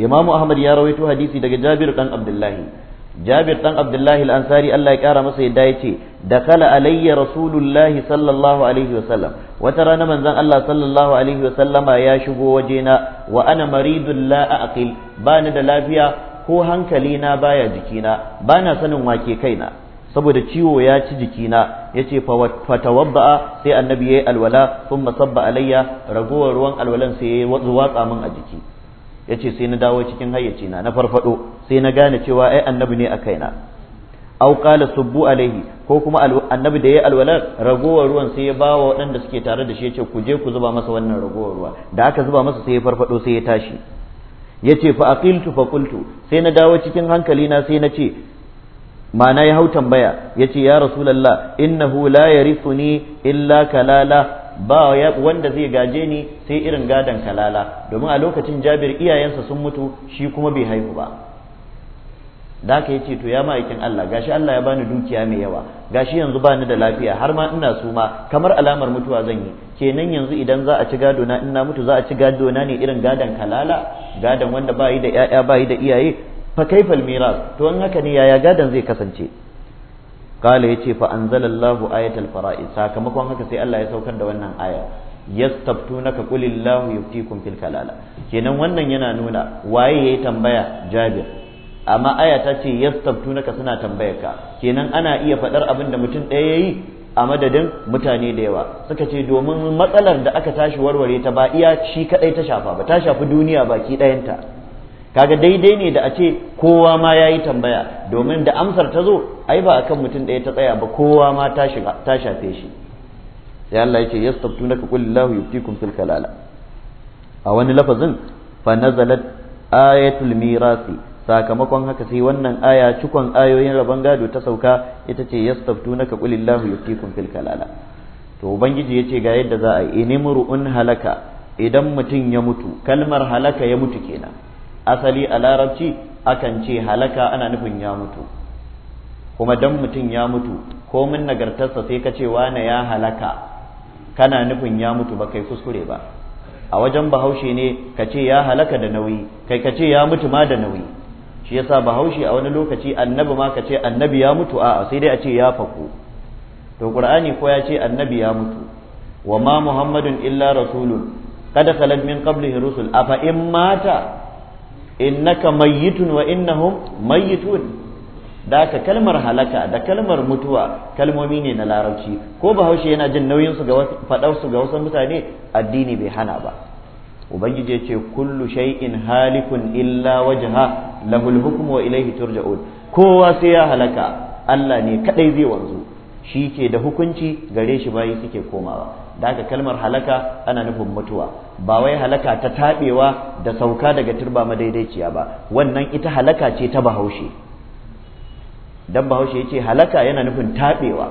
Imam Ahmad ya rawaito hadisi daga Jabir dan Abdullahi jabir dan abdullahi al-ansari Allah ya kara masa yadda yace kala alayya rasulullahi sallallahu alaihi wasallam wata rana manzon Allah sallallahu alaihi wasallama ya shigo wajena wa ana maridun la aqil bani da lafiya ko hankali na baya jiki na bana sanin wake kai na saboda ciwo ya ci jiki jikina yace fatawabba sai annabi ya yi alwala thumma sabba alayya ragowar ruwan alwalan sai ya watsa min a jiki yace sai na dawo cikin hayyacina na farfado sai na gane cewa ai annabi ne a kaina aw qala subbu alaihi ko kuma annabi da yayi alwala ragowar ruwan sai ya bawa waɗanda suke tare da shi yace ku je ku zuba masa wannan ragowar ruwa da aka zuba masa sai ya farfado sai ya tashi yace fa aqiltu fa qultu sai na dawo cikin hankali na sai na ce ma'ana ya hau tambaya yace ya rasulullah innahu la yarithuni illa kalala ba wanda zai gaje ni sai irin gadon kalala domin a lokacin jabir iyayensa sun mutu shi kuma bai haihu ba da haka ya ce to ya ma'aikin Allah gashi Allah ya bani dukiya mai yawa gashi yanzu bani da lafiya har ma ina suma kamar alamar mutuwa zan yi kenan yanzu idan za a ci gado na ina mutu za a ci gado na ne irin gadon kalala gadon wanda bayi da 'ya'ya bayi da iyaye fa kaifal miras to an haka ne yaya gadon zai kasance قال يتي فأنزل الله آية الفرائض haka هكا سي الله يسوكر دا wannan aya yastabtunaka qul illahu yuftikum fil kalala kenan wannan yana nuna waye yayi tambaya Jabir amma aya ta ce yastabtunaka suna tambayar ka kenan ana iya faɗar abin da mutum ɗaya yayi a madadin mutane da yawa suka ce domin matsalar da aka tashi warware ta ba iya shi kadai ta shafa ba ta shafi duniya baki ɗayanta kaga daidai ne da a ce kowa ma ya yi tambaya domin da amsar ta zo ai ba a kan mutum ɗaya ta tsaya ba kowa ma ta shafe shi sai Allah yake yastabtunaka qul lahu yuftikum fil kalala a wani lafazin fa nazalat ayatul mirasi sakamakon haka sai wannan aya cikon ayoyin rabon gado ta sauka ita ce yastabtunaka naka lahu yuftikum fil kalala to ubangiji yace ga yadda za a yi e, un halaka idan mutum ya mutu kalmar halaka ya mutu kenan asali a larabci akan ce halaka ana nufin ya mutu kuma dan mutum ya mutu ko min nagartarsa sai ka ce wane ya halaka kana nufin ya mutu ba kai kuskure ba a wajen bahaushe ne ka ce ya halaka da nauyi kai ka ce ya mutu ma da nauyi shi yasa bahaushe a wani lokaci annabi ma ka ce annabi ya mutu a'a sai dai a ce ya faku to qur'ani ko ya ce annabi ya mutu wa ma muhammadun illa rasulun kada khalat min qablihi rusul afa in mata innaka mayyitun wa innahum mayyitun da ka kalmar halaka da kalmar mutuwa kalmomi ne na larabci ko bahaushe yana jin nauyin su ga faɗar su ga wasu mutane addini bai hana ba ubangiji ya ce kullu shay'in halikun illa wajha lahul hukmu wa ilayhi turja'un kowa sai ya halaka Allah ne kadai zai wanzu shi ke da hukunci gare shi bayi suke komawa da aka kalmar halaka ana nufin mutuwa ba wai halaka ta taɓewa da sauka daga turba madaidaiciya ba wannan ita halaka ce ta bahaushe dan bahaushe ya ce halaka yana nufin taɓewa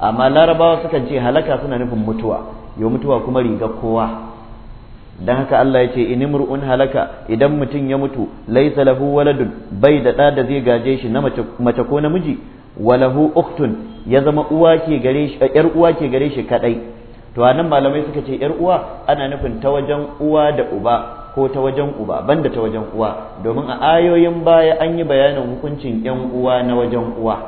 amma larabawa sukan ce halaka suna nufin mutuwa yo mutuwa kuma riga kowa dan haka Allah ya ce inimru'un halaka idan mutum ya mutu laisa lahu waladun bai da ɗa da zai gaje shi na mace ko namiji walahu uktun ya zama uwa ke gare shi yar uwa ke gare shi kadai to anan malamai suka ce yar uwa ana nufin ta wajen uwa da uba ko ta wajen uba banda ta wajen uwa domin a ayoyin baya an yi bayanin hukuncin yan uwa na wajen uwa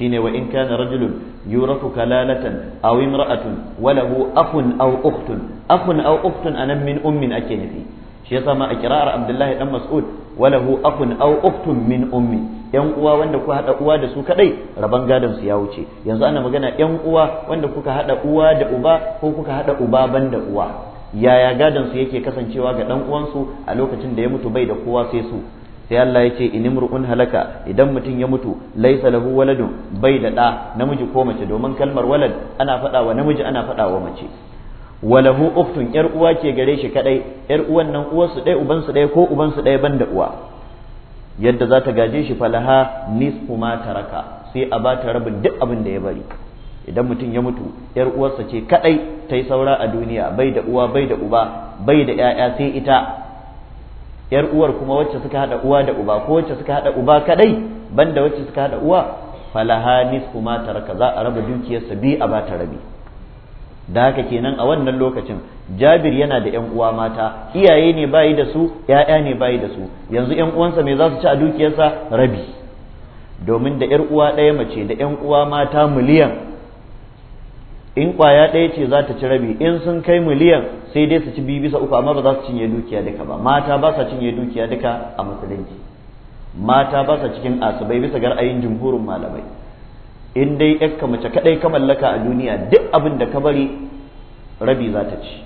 shine wa in kana rajulun yurafu kalalatan aw imra'atun wa lahu akhun aw ukhtun akhun aw ukhtun min ummin ake nufi shi yasa ma a kirar abdullahi dan mas'ud walahu akun aw uktun min ummi yan uwa wanda ku hada uwa da su kadai raban gadon su ya wuce yanzu ana magana yan uwa wanda kuka hada uwa da uba ko kuka hada uba ban da uwa yaya gadon su yake kasancewa ga dan uwansu a lokacin da ya mutu bai da kowa sai su sai Allah ya ce inimru'un halaka idan mutum ya mutu laisa lahu waladun bai da da namiji ko mace domin kalmar walad ana faɗawa wa namiji ana faɗawa wa mace walahu uftun yar uwa ke gare shi kadai yar uwan nan uwarsu ɗaya ubansu ɗaya ko ubansu ɗaya banda uwa yadda za ta gaje shi falaha nisfu ma taraka sai a ba ta rabin duk abin da ya bari idan mutum ya mutu yar uwarsa ce kadai ta yi saura a duniya bai da uwa bai da uba bai da ƴaƴa sai ita yar uwar kuma wacce suka hada uwa da uba ko wacce suka hada uba kadai banda wacce suka hada uwa falaha nisfu ma taraka za a raba dukiyarsa bi a ba ta rabi da haka kenan a wannan lokacin jabir yana da yan uwa mata iyaye ne bayi da su ya'ya ne bayi da su yanzu yan uwansa me za su ci a dukiyarsa rabi domin da yar uwa ɗaya mace da yan uwa mata miliyan in kwaya ɗaya ce za ta ci rabi in sun kai miliyan sai dai su ci biyu bisa uku amma ba za su cinye dukiya duka ba mata ba sa cinye dukiya duka a musulunci mata ba sa cikin asibai bisa ra'ayin jumhurin malamai in dai yakka mace kadai ka mallaka a duniya duk abin da ka bari rabi za ta ci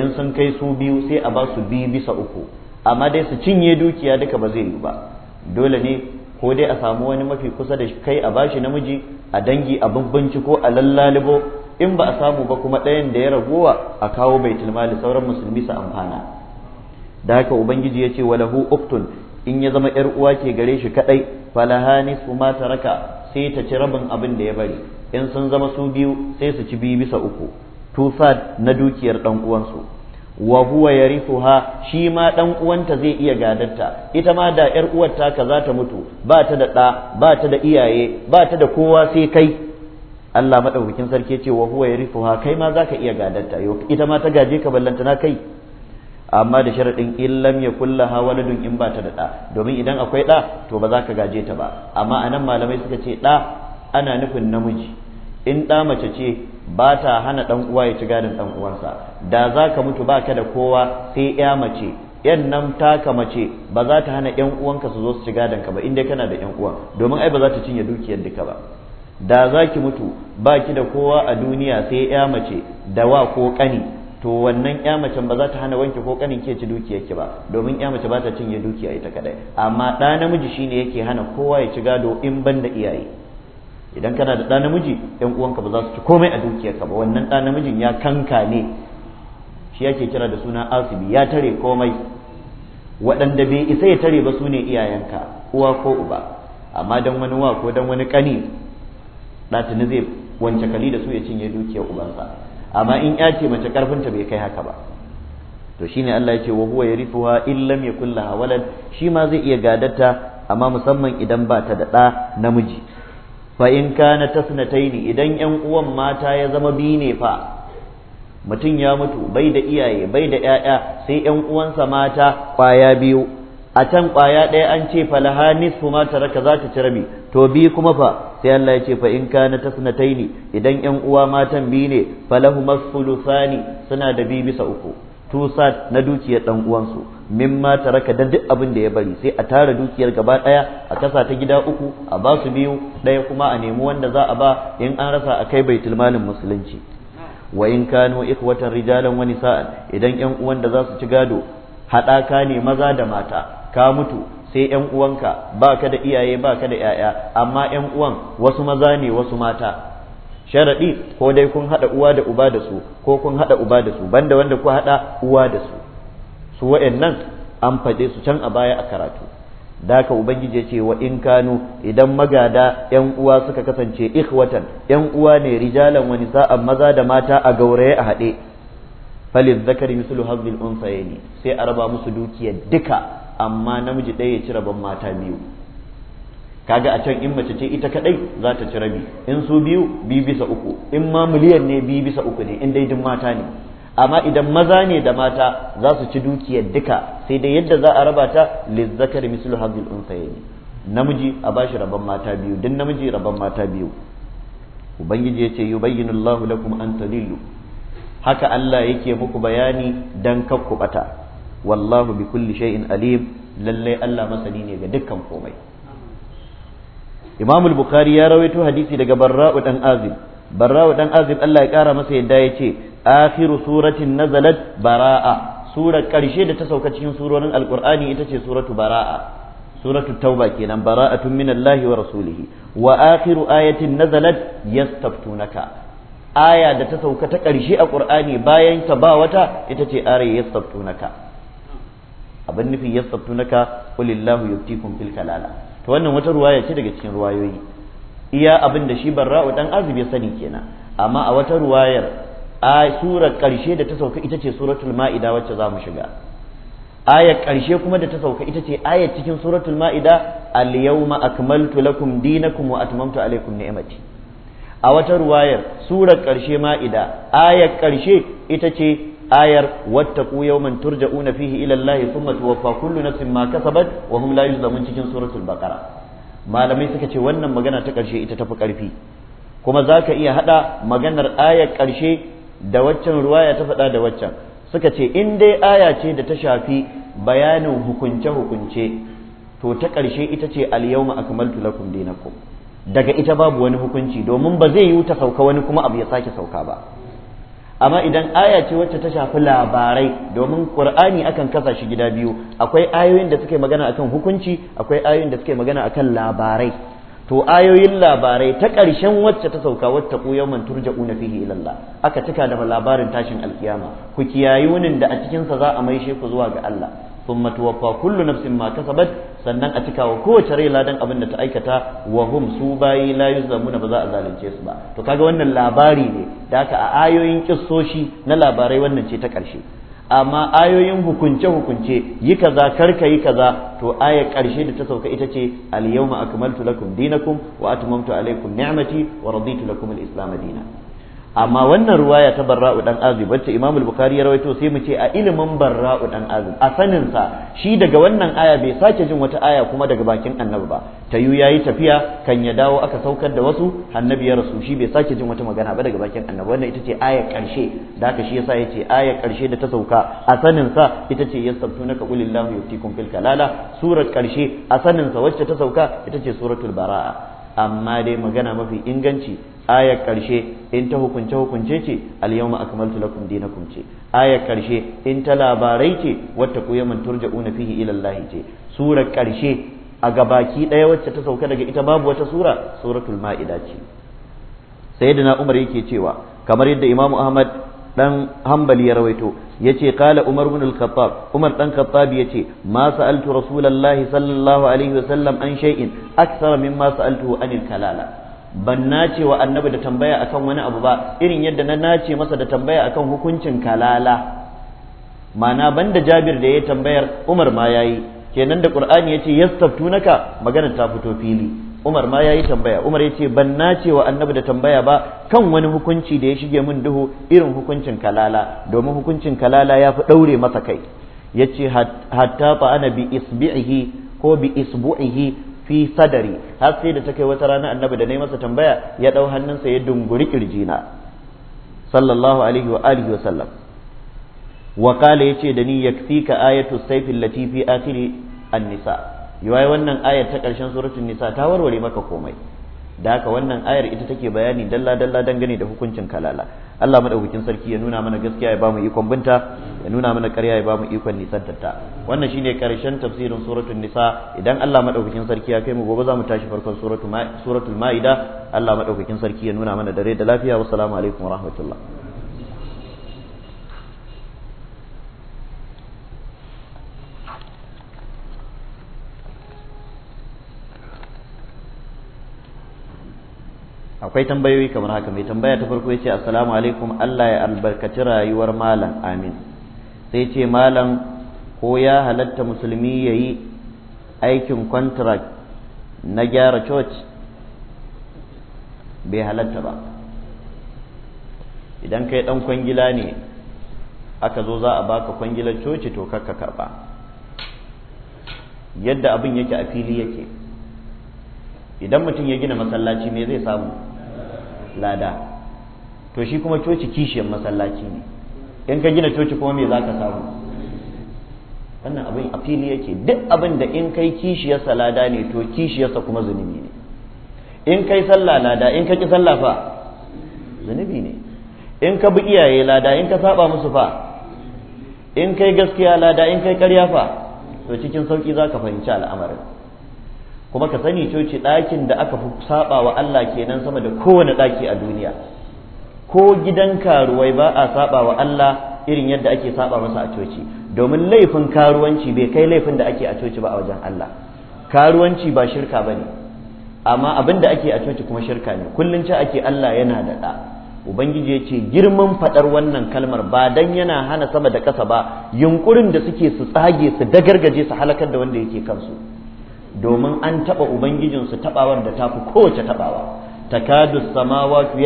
in sun kai su biyu sai a ba su biyu bisa uku amma dai su cinye dukiya duka ba zai yi ba dole ne ko dai a samu wani mafi kusa da kai a bashi namiji a dangi a bambanci ko a lallalibo in ba a samu ba kuma ɗayan da ya ragowa a kawo bai tilmali sauran musulmi su amfana da haka ubangiji ya ce walahu uktun in ya zama yar uwa ke gare shi kadai falaha su ma raka. sai ta ci rabin abin da ya bari in sun zama su biyu sai su ci biyu bisa uku tufad na dukiyar dan uwansu wa huwa yarithuha shi ma dan uwanta zai iya gadarta ita ma da yar uwar ta za ta mutu ba ta da da ba ta da iyaye ba ta da kowa sai kai Allah madaukakin sarki ce wa huwa yarithuha kai ma zaka iya gadarta ita ma ta gaje ka ballantana kai amma da sharadin illam ya hawa waladun in ba ta da ɗa domin idan akwai ɗa to ba za ka gaje ta ba amma anan malamai suka ce ɗa ana nufin namiji in ɗa mace ce ba ta hana ɗan uwa ya ci gadin ɗan uwansa da za ka mutu ba ka da kowa sai ya mace yan nan taka mace ba za ta hana yan uwanka su zo su ci gadon ka ba inda kana da yan uwa domin ai ba za ta cinye dukiyar duka ba da za ki mutu ba ki da kowa a duniya sai ya mace da wa ko kani to wannan ya mace ba za ta hana wanke ko kanin ke ci dukiyar ki ba domin ya mace ba ta cinye dukiya ita kadai amma ɗa namiji shine yake hana kowa ya ci gado in ban da iyaye idan kana da ɗa namiji yan uwanka ba za su ci komai a dukiyarka ba wannan ɗa namijin ya kanka ne shi yake kira da suna asibi ya tare komai waɗanda bai isa ya tare ba su ne iyayenka uwa ko uba amma dan wani wa ko dan wani kani ɗa tuni zai wanke kali da su ya cinye dukiyar ubansa amma in ya ce mace karfinta bai kai haka ba to shine Allah ya ce wa huwa yarithuha in yakul laha walad shi ma zai iya gadata amma musamman idan ba ta da ɗa namiji fa in kana tasnataini idan yan uwan mata ya zama biyu ne fa mutum ya mutu bai da iyaye bai da 'ya'ya sai yan uwansa mata kwaya biyu a can ƙwaya ɗaya an ce falaha nisfu ma ka za ta ci rabi to bi kuma fa sai Allah ya ce fa in kana tasnataini idan ƴan uwa matan bi ne falahu sulusani suna da bi bisa uku tusa na dukiyar ɗan uwansu mimma taraka da duk abin da ya bari sai a tara dukiyar gaba ɗaya a kasa ta gida uku a ba su biyu ɗaya kuma a nemi wanda za a ba in an rasa a kai bai malin musulunci wa in kano ikwatan rijalan wani sa'an idan ƴan uwan da za su ci gado haɗaka ne maza da mata ka mutu sai yan uwanka ba ka da iyaye ba ka da yaya amma yan uwan wasu maza ne wasu mata sharadi ko dai kun haɗa uwa da uba da su ko kun haɗa uba da su banda wanda ku hada uwa da su su wa'annan an faɗe su can a baya a karatu da ka ubangiji ce wa in kanu idan magada yan uwa suka kasance ikhwatan yan uwa ne rijalan wani sa'an maza da mata a gauraye a haɗe falil zakari mislu hazzil unsayni sai a raba musu dukiyar duka amma namiji ɗaya ya ci rabon mata biyu kaga a can in mace ce ita kaɗai za ta ci rabi in su biyu biyu bisa uku in ma miliyan ne biyu bisa uku ne in daidin mata ne amma idan maza ne da mata za su ci dukiyar duka sai dai yadda za a raba ta lizzakari mislu hazil unsayni namiji a bashi rabon mata biyu duk namiji rabon mata biyu ubangiji ya yace yubayyinu Allahu lakum an tadillu haka Allah yake muku bayani dan kakkubata bata wallahu bi kulli shay'in alim lalle Allah masani ne ga dukkan komai Imam al-Bukhari ya rawaito hadisi daga Barra'u dan Azib Barra'u dan Azib Allah ya kara masa yadda yace akhiru suratin nazalat bara'a sura karshe da ta sauka cikin surorin alqur'ani ita ce suratu bara'a suratu tauba kenan bara'atun minallahi wa rasulihi wa akhiru ayatin nazalat yastaftunaka aya da ta sauka ta ƙarshe a ƙur'ani bayan ta ba wata ita ce are ya abin nufi yasabtunaka qulillahu yuftikum fil kalala to wannan wata ruwaya ce daga cikin ruwayoyi iya abin da shi barra'u dan azubi sani kenan amma a wata ruwayar a surar karshe da ta sauka ita ce suratul ma'ida wacce za mu shiga ayar karshe kuma da ta sauka ita ce ayar cikin suratul ma'ida al-yawma akmaltu lakum dinakum wa atmamtu alaykum ni'mati a wata ruwayar surar karshe ma'ida ayar ƙarshe ita ce ayar wattaqu yawman turja'una fihi ila Allah thumma tuwaffa kullu nafsin ma kasabat wa hum la yuzlamun cikin suratul baqara malamai suka ce wannan magana ta karshe ita tafi karfi kuma zaka iya hada maganar ayar karshe da waccan ruwaya ta faɗa da waccan suka ce in dai aya ce da ta shafi bayanin hukunce hukunce to ta karshe ita ce al-yawma akmaltu lakum dinakum daga ita babu wani hukunci domin ba zai yi ta sauka wani kuma abu ya sake sauka ba amma idan aya ce wacce ta shafi labarai domin qur'ani akan kasa shi gida biyu akwai ayoyin da suke magana akan hukunci akwai ayoyin da suke magana akan labarai to ayoyin labarai ta ƙarshen wacce ta sauka wata ku yawman turja'una fihi ila Allah aka cika da labarin tashin alkiyama ku kiyayi wunin da a cikinsa za a maishe ku zuwa ga Allah ثم توفى kullu نفس ma كسبت sannan a cika wa kowace rai ladan abin da ta aikata wa hum su bayi la yuzlamuna ba za a zalunce su ba to kaga wannan labari ne da haka a ayoyin kissoshi na labarai wannan ce ta karshe amma ayoyin hukunce hukunce yi kaza karka yi kaza to aya karshe da ta sauka ita ce al yawma akmaltu lakum dinakum wa atmamtu alaykum ni'mati wa raditu lakum al islam dinan amma wannan ruwaya ta barra'u dan azib wacce imamul bukhari ya rawaito sai mu ce a ilimin barra'u dan azib a sanin sa shi daga wannan aya bai sake jin wata aya kuma daga bakin annabi ba tayu yayi tafiya kan ya dawo aka saukar da wasu hannabi ya rasu shi bai sake jin wata magana ba daga bakin annabi wannan ita ce aya karshe da haka shi yasa ce aya karshe da ta sauka a sanin sa ita ce yastabtunaka qulillahu yuftikum fil kalala surar karshe a sanin sa wacce ta sauka ita ce suratul bara'a amma dai magana mafi inganci ayar ƙarshe in ta hukunce hukunce ce al-yawma akmaltu lakum dinakum ce ayar ƙarshe in ta labarai ce wata ku yaman turja'una fihi ila Allah ce surar ƙarshe a gabaki ɗaya wacce ta sauka daga ita babu wata sura suratul ma'ida ce sayyidina Umar yake cewa kamar yadda Imam Ahmad dan Hanbali ya rawaito yace qala Umar ibn al-Khattab Umar dan Khattab yace ma sa'altu Rasulullahi sallallahu alaihi wasallam an shay'in akthar mimma sa'altuhu anil kalala ban nace wa annabi da tambaya akan wani abu ba irin yadda na nace masa da tambaya akan hukuncin kalala mana banda jabir da ya tambayar umar ma yayi kenan da qur'ani yace yastaftunaka maganar ta fito fili umar ma yayi tambaya umar yace ban nace wa annabi da tambaya ba kan wani hukunci da ya shige min duhu irin hukuncin kalala domin hukuncin kalala ya fi daure masa kai yace hatta fa ana bi isbi'ihi ko bi isbu'ihi fi sadari har sai da ta kai wata rana annabi da nayi masa tambaya ya dau hannunsa ya dunguri kirjina sallallahu alaihi wa alihi wa sallam wa qala yace da ni yakfika ayatu saifin allati fi akhir an-nisa yayi wannan ayat ta karshen suratul nisa ta warware maka komai da haka wannan ayar ita take bayani dalla dalla dangane da hukuncin kalala Allah madaukakin sarki ya nuna mana gaskiya ya bamu ikon binta ya nuna mana ƙarya ya bamu ikon nisantarta wannan shine karshen tafsirin suratul nisa idan Allah madaukakin sarki ya kai mu gobe mu tashi farkon suratul suratul maida Allah madaukakin sarki ya nuna mana dare da lafiya wassalamu alaikum warahmatullahi akwai tambayoyi kamar haka mai tambaya ta farko ya ce assalamu alaikum Allah ya albarkaci rayuwar malam amin sai ce malam ko ya halatta musulmi ya yi aikin contract na gyara church bai halatta ba idan kai dan kwangila ne aka zo za a baka kwangilar coci to kakka karba yadda abin yake a fili yake idan mutum ya gina masallaci me zai samu lada to shi kuma coci kishiyar masallaci ne in ka gina coci kuma me za ka samu wannan abin a fili yake duk abin da in kai kishiyarsa lada ne to kishiyarsa kuma zunubi ne in kai sallah lada in ka ki sallah fa zunubi ne in ka bi iyaye lada in ka saba musu fa in kai gaskiya lada in kai karya fa to cikin sauki za ka fahimci al'amarin kuma ka sani coci ɗakin da aka fi saba wa Allah kenan sama da kowane ɗaki a duniya ko gidan karuwai ba a saba wa Allah irin yadda ake saba masa a coci domin laifin karuwanci bai kai laifin da ake a coci ba a wajen Allah karuwanci ba shirka ba ne amma abin da ake a coci kuma shirka ne kullum ci ake Allah yana da ɗa ubangiji ya ce girman faɗar wannan kalmar ba dan yana hana sama da ƙasa ba yunkurin da suke su tsage su dagargaje su halakar da wanda yake kansu domin an taɓa ubangijinsu taɓawar da tafi kowace taɓawa takadu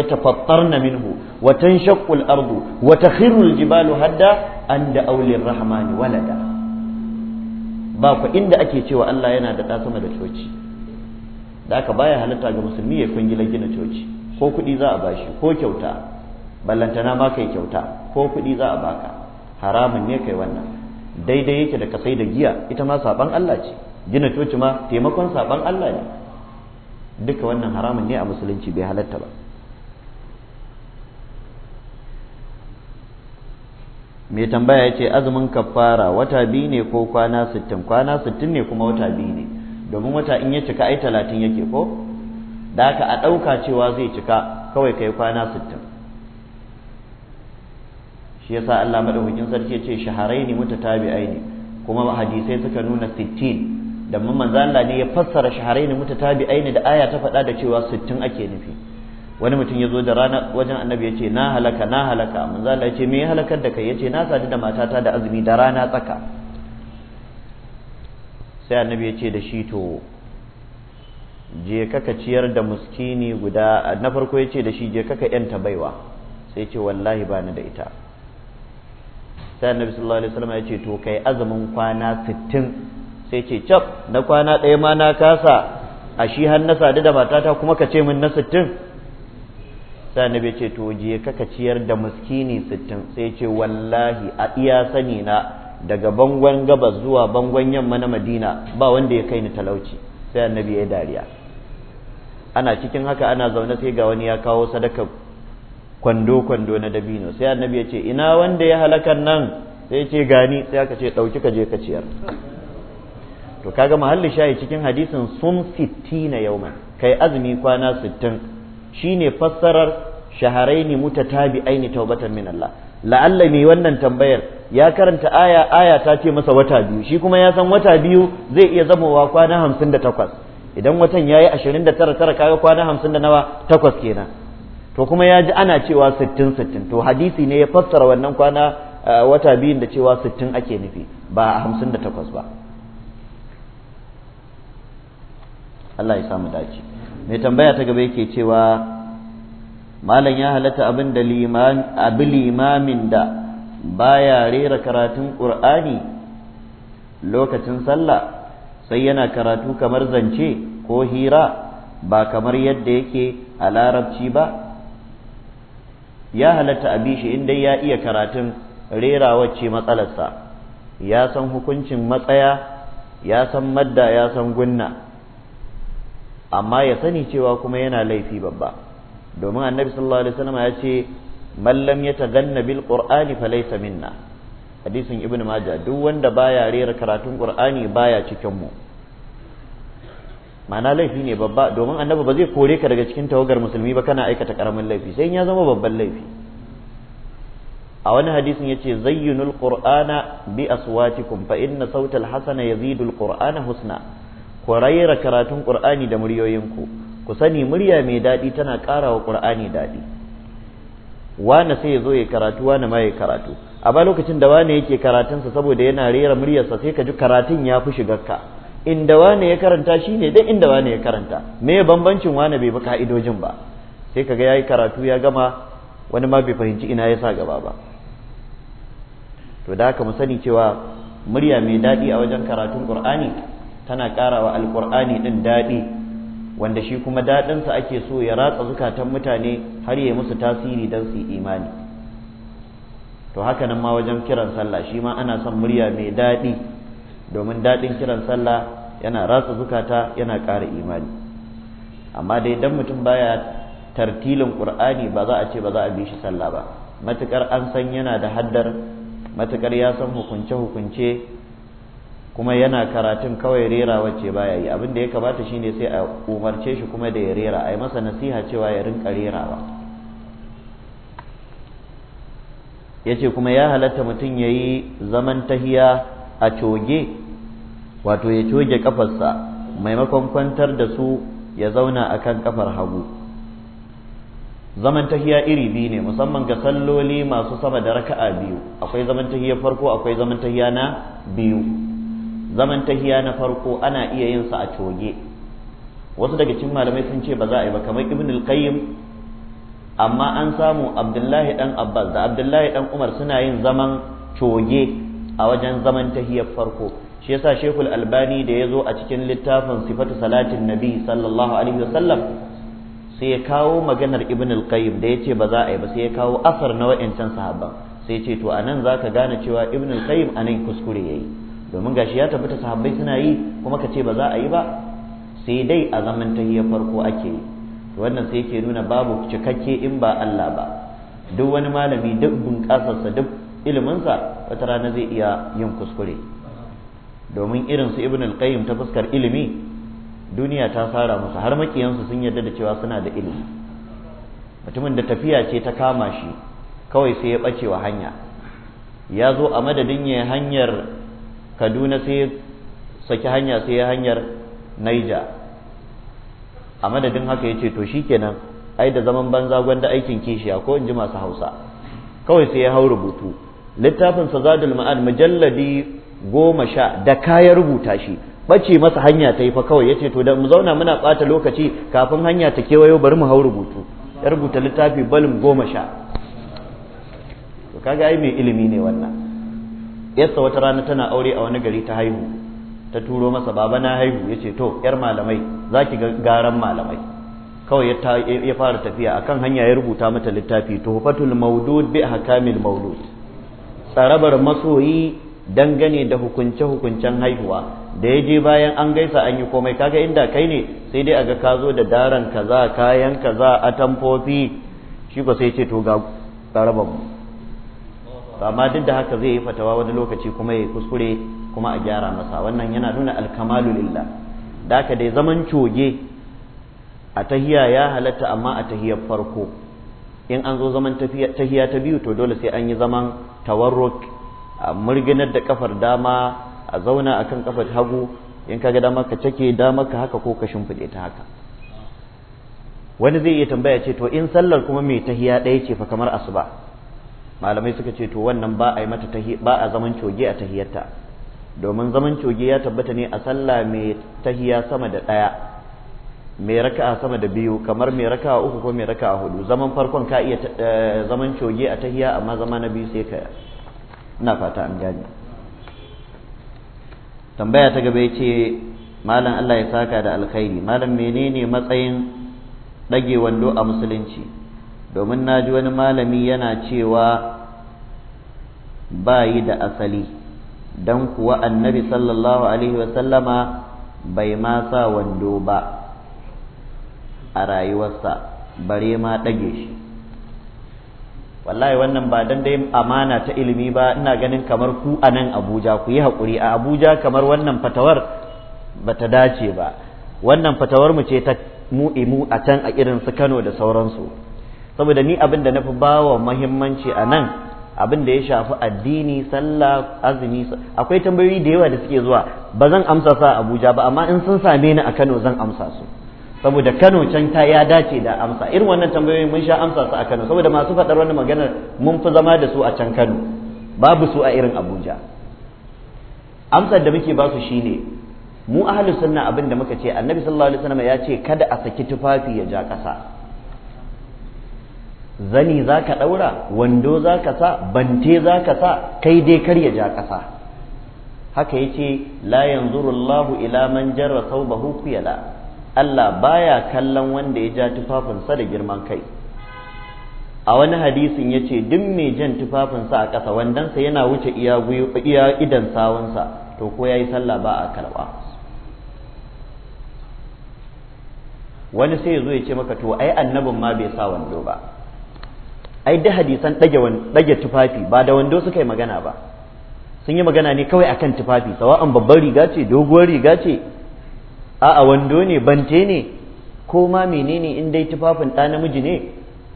tafattar na minhu wa tanshaqqu ardu wa takhiru jibalu hadda an da aulin rahmani walada ba ku inda ake cewa Allah yana da sama da coci da aka baya halitta ga musulmi ya kungila gina coci ko kuɗi za a bashi ko kyauta ballantana ma kai kyauta ko kuɗi za a baka haramun ne kai wannan daidai yake da kasai da giya ita ma saban Allah ce gina coci ma taimakon saban Allah ne duka wannan haramun ne a musulunci bai halatta ba mai tambaya ya ce azumin kafara wata biyu ne ko kwana sittin kwana sittin ne kuma wata biyu ne domin wata in ya cika ai talatin yake ko da aka a ɗauka cewa zai cika kawai kai kwana sittin shi yasa Allah madaukakin sarki ya ce tabi'ai ne kuma hadisai suka nuna sittin da manzo Allah ne ya fassara shahrain aini da aya ta faɗa da cewa 60 ake nufi wani mutum ya zo da rana wajen annabi ya ce na halaka na halaka manzo Allah ya ce me ya halakar da kai ya ce na sadu da matata da azumi da rana tsaka sai annabi ya ce da shi to je kaka ciyar da muskini guda na farko ya ce da shi je kaka yanta baiwa sai ce wallahi ba ni da ita sai annabi sallallahu alaihi wasallam ya ce to kai azumin kwana sittin sai ce cap na kwana ɗaya ma na kasa a shi har na sadu da matata kuma ka ce min na sittin sai annabi ce to je ka ka ciyar da miskini sittin sai ce wallahi a iya sani na daga bangon gabas zuwa bangon yamma na madina ba wanda ya kai ni talauci sai annabi ya dariya ana cikin haka ana zaune sai ga wani ya kawo sadaka kwando-kwando na dabino sai annabi ya ce ina wanda ya halakan nan sai ce gani sai aka ce ɗauki ka je ka ciyar to kaga mahalli shayi cikin hadisin sun sittina yauman kai azumi kwana sittin shine fassarar shaharaini aini taubatan min Allah la'alla mai wannan tambayar ya karanta aya aya ta ce masa wata biyu shi kuma ya san wata biyu zai iya zamowa kwana hamsin da takwas idan watan ya yi ashirin da tara tara kaga kwana hamsin da nawa takwas kenan to kuma ya ji ana cewa sittin sittin to hadisi ne ya fassara wannan kwana eh, wata biyun da cewa sittin ake nufi ba hamsin da takwas ba Allah ya samu dace mai tambaya ta gaba yake cewa malam ya halatta abin da limamin da baya rera karatun ƙur'ani lokacin sallah sai yana karatu kamar zance ko hira ba kamar yadda yake a larabci ba ya halatta abi shi inda ya iya karatun rera wacce matsalarsa ya san hukuncin matsaya ya san madda ya san gunna amma ya sani cewa kuma yana laifi babba domin annabi sallallahu alaihi wasallam ya ce man lam yataganna bil qur'ani falaysa minna hadisin ibnu majah duk wanda baya rera karatun qur'ani baya cikin mu ma'ana laifi ne babba domin annabi ba zai kore ka daga cikin tawagar musulmi ba kana aikata karamin laifi sai ya zama babban laifi a wani hadisin ce zayyunul qur'ana bi aswatikum fa inna sautal hasana yazidul qur'ana husna ku rayira karatun qur'ani da muryoyinku ku sani murya mai daɗi tana ƙara wa qur'ani daɗi wani sai ya ya karatu wani ma ya karatu a ba lokacin da wane yake karatunsa saboda yana rera muryarsa sai ka ji karatun ya fi shigarka inda wani ya karanta shine duk inda wani ya karanta me bambancin wani bai bi ka'idojin ba sai kaga yi karatu ya gama wani ma bai fahimci ina ya sa gaba ba to da haka mu sani cewa murya mai daɗi a wajen karatun ƙur'ani tana ƙarawa alƙur'ani ɗin daɗi wanda shi kuma daɗinsa ake so ya ratsa zukatan mutane har ya musu tasiri don su yi imani to haka nan ma wajen kiran sallah shi ma ana son murya mai daɗi domin daɗin kiran sallah yana ratsa zukata yana ƙara imani amma dai dan mutum baya tartilin ƙur'ani ba za a ce ba za a bi shi sallah ba matuƙar an san yana da haddar matuƙar ya san hukunce-hukunce kuma yana karatun kawai rera wacce baya yi abin da ya kamata shine sai a umarce shi kuma da ya rera a yi masa nasiha cewa ya rinka rerawa ya ce kuma ya halatta mutum ya yi zaman tahiya a coge wato ya coge kafarsa maimakon kwantar da su ya zauna a kan kafar hagu zaman tahiya iri biyu ne musamman ga salloli masu sama da raka'a biyu akwai zaman tahiya farko akwai zaman tahiya na biyu zaman tahiya na farko ana iya yin sa a coge wasu daga cikin malamai sun ce ba za a yi ba kamar ibn al-qayyim amma an samu abdullahi dan abbas da abdullahi dan umar suna yin zaman coge a wajen zaman tahiyar farko shi yasa shekul albani da ya zo a cikin littafin sifatu salatin nabi sallallahu alaihi wasallam sai ya kawo maganar ibn al-qayyim da yace ba za a yi ba sai ya kawo asar na wa'ancan sahabban sai ya ce to anan zaka gane cewa ibn al-qayyim anan kuskure yayi domin gashi ya tabbata sahabbai suna yi kuma ka ce ba za a yi ba sai dai a zaman tahiyar farko ake yi wannan sai yake nuna babu cikakke in ba Allah ba duk wani malami duk bunƙasarsa duk iliminsa wata rana zai iya yin kuskure domin irin su ibn al-qayyim ta fuskar ilimi duniya ta sara musu har makiyansu sun yarda da cewa suna da ilimi mutumin da tafiya ce ta kama shi kawai sai ya bace wa hanya ya zo a madadin ya hanyar kaduna sai ya saki hanya sai ya hanyar naija a madadin haka ya ce to shikenan ai da zaman banza gwanda aikin kishiya ko in ji masu hausa kawai sai ya hau rubutu littafin zadul ma'ad mujalladi goma sha da kayan rubuta shi bace masa hanya ta yi fa kawai ya ce to da mu zauna muna ɓata lokaci kafin hanya ta kewayo bari mu hau rubutu ya rubuta littafi balin goma sha to kaga ai mai ilimi ne wannan yarsa wata rana tana aure a wani gari ta haihu ta turo masa baba na haihu yace to yar malamai za ki garan malamai kawai ya fara tafiya akan hanya ya rubuta mata littafi tuhfatul maudud bi ahkamil maulud tsarabar masoyi dangane da hukunce hukuncen haihuwa da ya je bayan an gaisa an yi komai kaga inda kai ne sai dai aga ka zo da daran kaza kayan kaza atamfofi shi ba sai ce to ga tsarabar to amma duk da haka zai yi fatawa wani lokaci kuma ya kuskure kuma a gyara masa wannan yana nuna alkamalu lillah da haka dai zaman coge a tahiya ya halatta amma a tahiyar farko in an zo zaman tahiya ta biyu to dole sai an yi zaman tawarruk a murginar da kafar dama a zauna akan kafar hagu in ka ga dama ka cake dama ka haka ko ka shimfiɗe ta haka wani zai iya tambaya ce to in sallar kuma mai tahiya ɗaya ce fa kamar asuba malamai suka ce to wannan ba a yi mata ba a zaman coge a tahiyarta domin zaman coge ya tabbata ne a sallah mai tahiya sama da ɗaya mai raka'a sama da biyu kamar mai raka'a uku ko mai raka'a hudu zaman farkon ka iya eh, zaman coge a tahiya amma zama na biyu sai ka na fata an gane tambaya ta gaba ce malam Allah ya saka da alkhairi malam menene matsayin ɗage wando a musulunci domin na ji wani malami yana cewa ba yi da asali don kuwa annabi sallallahu alaihi wasallama bai ma sa wando ba a rayuwarsa bare ma ɗage shi wallahi wannan ba don dai amana ta ilimi ba ina ganin kamar ku a nan abuja ku yi haƙuri a abuja kamar wannan fatawar ba ta dace ba wannan fatawar mu ce ta mu'imu a can a irin su kano da sauransu saboda ni abin da nafi bawa muhimmanci a nan abin da ya shafi addini sallah azumi akwai tambayoyi da yawa da suke zuwa ba zan amsa sa Abuja ba amma in sun same ni a Kano zan amsa su saboda Kano can ta ya dace da amsa irin wannan tambayoyin mun sha amsa su a Kano saboda masu faɗar wannan maganar mun fi zama da su a can Kano babu su a irin Abuja amsar da muke ba su shine mu ahlus sunna abin da muka ce annabi sallallahu alaihi wasallam ya ce kada a saki tufafi ya ja kasa. zani za ka ɗaura wando za ka sa bante za ka sa kai dai kar ya ja ƙasa haka ya ce la yanzurullahu ila man jarra thawbahu da Allah baya kallon wanda ya ja tufafinsa da girman kai a wani hadisin ya ce duk mai jan tufafinsa a ƙasa wandonsa yana wuce iya idan sawunsa to ko ya yi sallah ba a karɓa wani sai ya zo ya ce maka to ai annabin ma bai sa wando ba ai da hadisan ɗage tufafi ba da wando suka yi magana ba sun yi magana ne kawai akan tufafi sawa'an babbar riga ce doguwar riga ce a'a wando ne bante ne ko ma menene in dai tufafin ɗa namiji ne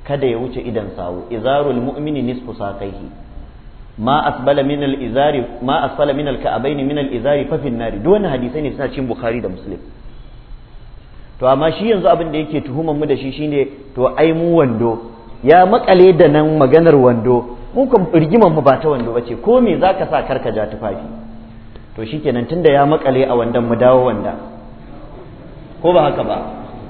kada ya wuce idan sawo izarul mu'mini nisfu saqaihi ma asbala min al izari ma asfala min al ka'abaini min al izari fa hadisai ne suna cikin bukhari da muslim to amma shi yanzu abin da yake tuhumar mu da shi shine to ai mu wando ya makale da nan maganar wando mu kan rigiman mu ba ta wando bace ko me zaka sa karka ja tufafi to shikenan tunda ya makale a wandan mu dawo wanda ko ba haka ba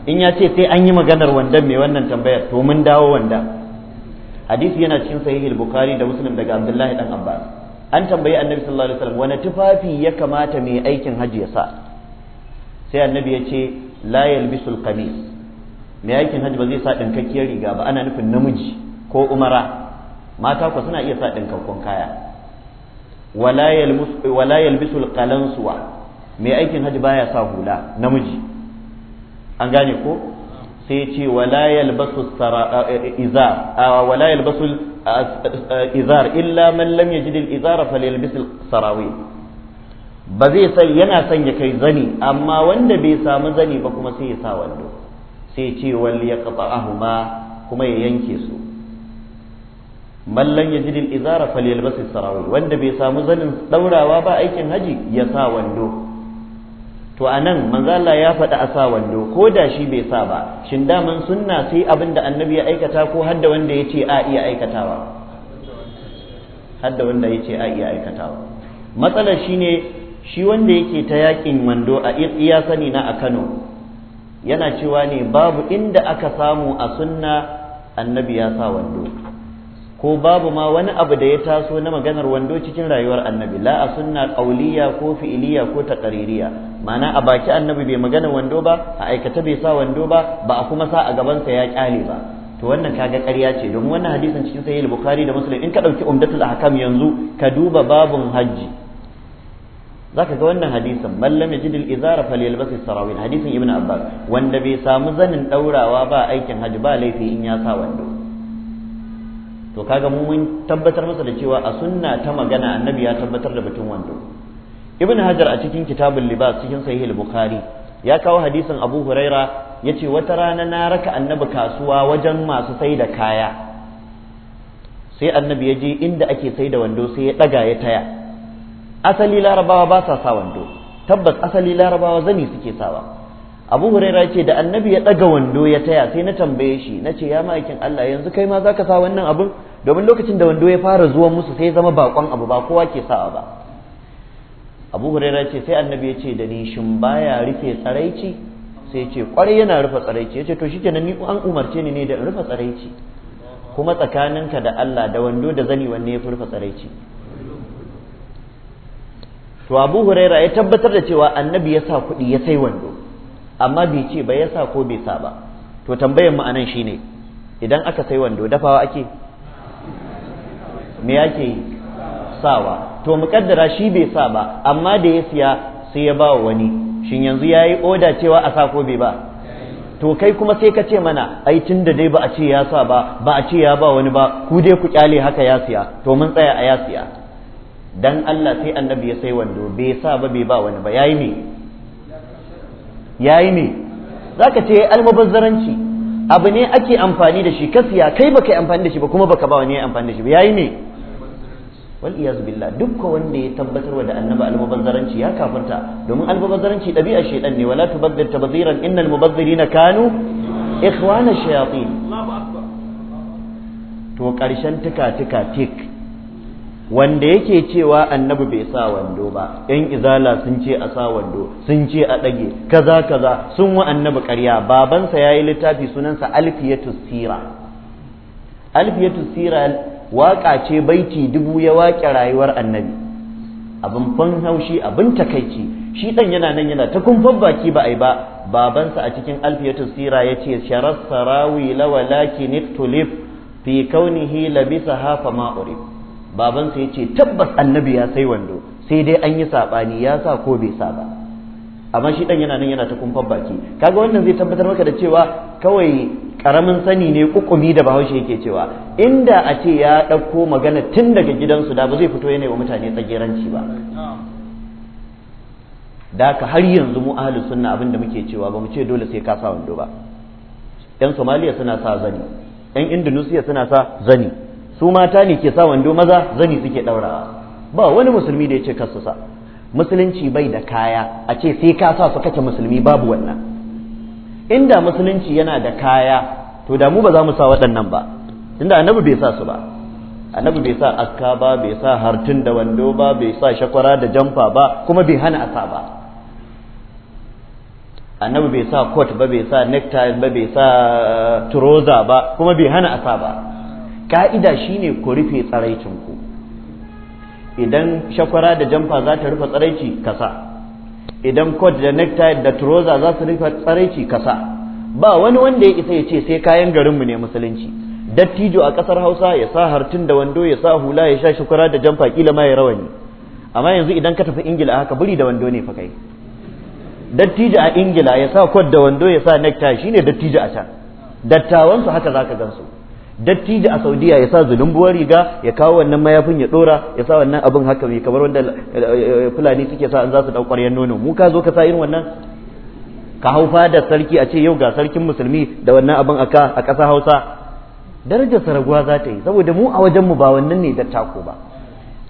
in ya ce sai an yi maganar wandan mai wannan tambayar to mun dawo wanda hadisi yana cikin sahih al-bukhari da muslim daga abdullahi dan abbas an tambayi annabi sallallahu alaihi wasallam wani tufafi ya kamata mai aikin hajji ya sa sai annabi ya ce la yalbisul qamis me aikin hajji ba zai sa ɗinkakkiyar riga ba ana nufin namiji ko umara mata ku suna iya sa ɗinkakkun kaya wala yalbisu qalansuwa me aikin hajji baya sa hula namiji an gane ko sai ce wala yalbasu eh, izar wala yalbasu izar illa man lam yajid al izar falyalbis al sarawi ba zai sai yana sanya kai zani amma wanda bai samu zani ba kuma sai ya sa wando sai ce wal yaqta'ahuma kuma ya yanke su mallan yajid al izara falyalbas sarawil wanda bai samu zanin daurawa ba aikin haji ya sa wando to anan manzo Allah ya faɗi a sa wando ko da shi bai sa ba shin daman sunna sai abin da annabi ya aikata ko hadda wanda ya ce a iya aikatawa hadda wanda ya a iya aikatawa matsalar shine shi wanda yake ta yakin wando a iya sani na a Kano yana cewa ne babu inda aka samu a sunna annabi ya sa wando ko babu ma wani abu da ya taso na maganar wando cikin rayuwar annabi la a sunna kauliya ko fi'iliya ko taƙaririya mana a baki annabi bai magana wando ba a aikata bai sa wando ba ba a kuma sa a gabansa ya kyale ba to wannan kaga ƙarya ce domin wannan hadisin cikin sahih bukhari da muslim in ka dauki umdatul ahkam yanzu ka duba babun hajji zaka ga wannan hadisin mallam yajid al-izara falyalbas as hadisin ibnu abbas wanda bai samu zanin daurawa ba aikin hajji ba laifi in ya sa wando to kaga mu mun tabbatar masa da cewa a sunna ta magana annabi ya tabbatar da batun wando ibnu hajar a cikin kitabul libas cikin sahih bukhari ya kawo hadisin abu huraira yace wata rana na raka annabi kasuwa wajen masu saida kaya sai annabi ya je inda ake saida wando sai ya daga ya taya asali larabawa ba sa sa wando tabbas asali larabawa zani suke sawa abu huraira ce da annabi ya ɗaga wando ya taya sai na tambaye shi na ce ya ma'aikin Allah yanzu kai ma zaka sa wannan abin domin lokacin da wando ya fara zuwa musu sai zama bakon abu ba kowa ke sawa ba abu huraira ce sai annabi ya ce da ni shin baya rufe tsaraici sai ce kwarai yana rufe tsaraici ya ce to shikenan ni an umarce ni ne da in rufe tsaraici kuma tsakaninka da Allah da wando da zani wanne ya fi rufe tsaraici to abu huraira ya tabbatar da cewa annabi ya sa kuɗi ya sai wando amma bai ce ba ya sa ko bai sa ba to tambayar mu shi ne idan aka sai wando dafawa ake me ake sawa to muƙaddara shi bai sa ba amma da ya siya sai ya ba wani shin yanzu ya yi oda cewa a sa ko bai ba to kai kuma sai ka ce mana ai tun da dai ba a ce ya sa ba ba a ce ya ba wani ba ku dai ku kyale haka ya siya to mun tsaya a ya siya dan Allah sai annabi ya sai wando bai sa ba bai ba wani ba ya yayi me yayi me zaka ce almubazzaranci abu ne ake amfani da shi kasiya kai baka yi amfani da shi ba kuma baka ba wani ya amfani da shi ba yayi me wal iyaz billah dukkan wanda ya tabbatarwa da annabi almubazzaranci ya kafirta domin almubazzaranci dabi'a shaytan ne wala tubazzir tabziran innal mubazzirina kanu ikhwana shayatin to karshen tuka tuka tik wanda yake cewa annabi bai sa wando ba yan izala sun ce a sa wando sun ce a ɗage kaza kaza sun wa annabi karya babansa ya yi littafi sunansa alfiyatus sira alfiyatus sira waƙa ce baiti dubu ya waƙe rayuwar annabi abin fan haushi abin takaici shi ɗan yana nan yana ta kumfan baki ba a yi ba babansa a cikin alfiyatus sira ya ce sharar sarawi lawa lakin fi kaunihi labisa hafa ma'urib babansa ya ce tabbas annabi ya sai wando sai dai an yi saɓani ya sa ko bai sa ba amma shi ɗan yana nan yana ta kumfan baki kaga wannan zai tabbatar maka da cewa kawai karamin sani ne kukumi da bahaushe yake cewa inda a ce ya ɗauko magana tun daga gidansu da ba zai fito yana wa mutane tsageranci ba da ka har yanzu mu ahli sunna abin da muke cewa ba mu ce dole sai ka sa wando ba yan somaliya suna sa zani yan indonesia suna sa zani su mata ne ke sa wando maza zani suke ɗaurawa ba wani musulmi da ya ce kasu sa musulunci bai da kaya a ce sai ka sa su kake musulmi babu wannan inda musulunci yana da kaya to da mu ba za mu sa waɗannan ba Inda annabi bai sa su ba annabi bai sa aska ba bai sa hartun da wando ba bai sa shakwara da jamfa ba kuma bai hana asa ba annabi bai sa coat ba bai sa necktie ba bai sa eh, trouser ba kuma bai hana asa ba ka'ida shine ku rufe tsaraicinku idan shakwara da jamfa za ta rufe tsaraici kasa idan coat da necktie da trouser za su rufe tsaraici kasa ba wani wanda ya isa ya ce sai kayan garinmu ne musulunci dattijo a kasar hausa ya sa hartun da wando ya sa hula ya sha shakwara da jamfa kila ma ya rawani amma yanzu idan ka tafi ingila a haka buri da wando ne fa dattijo a ingila ya sa coat da wando ya sa necktie shine dattijo a can dattawansu haka zaka gansu dattijo a saudiya ya sa zulumbuwar riga ya kawo wannan mayafin ya dora ya sa wannan abin haka mai kamar wanda eh, fulani suke sa an za su dau ƙwaryar nono mu ka zo ka sa irin wannan ka hau fada sarki a ce yau ga sarkin musulmi da wannan abin aka a ƙasa hausa darajar saraguwa za ta yi saboda mu a wajen mu ba wannan ne da tako ba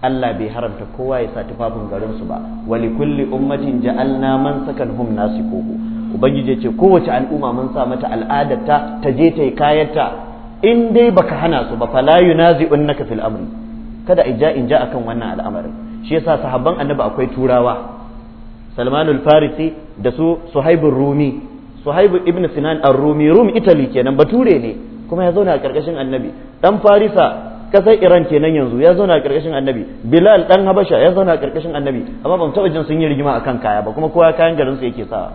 Allah bai haramta kowa ya sa tufafin garin su ba wali kulli ummatin ja'alna man sakan hum nasikuhu ubangiji ya ce kowace al'umma mun sa mata al'adarta ta je ta yi kayanta in dai baka hana su ba fala yunazi'unnaka fil amri kada a ja in ja akan wannan al'amarin shi yasa sahabban annabi akwai turawa salmanul farisi da su Suhaibur rumi suhaibu ibn sinan ar-rumi rum italy kenan bature ne kuma ya zauna a karkashin annabi dan farisa kasar iran kenan yanzu ya zauna a karkashin annabi bilal dan habasha ya zauna a karkashin annabi amma ban taba jin sun yi rigima akan kaya ba kuma kowa kayan garin su yake sawa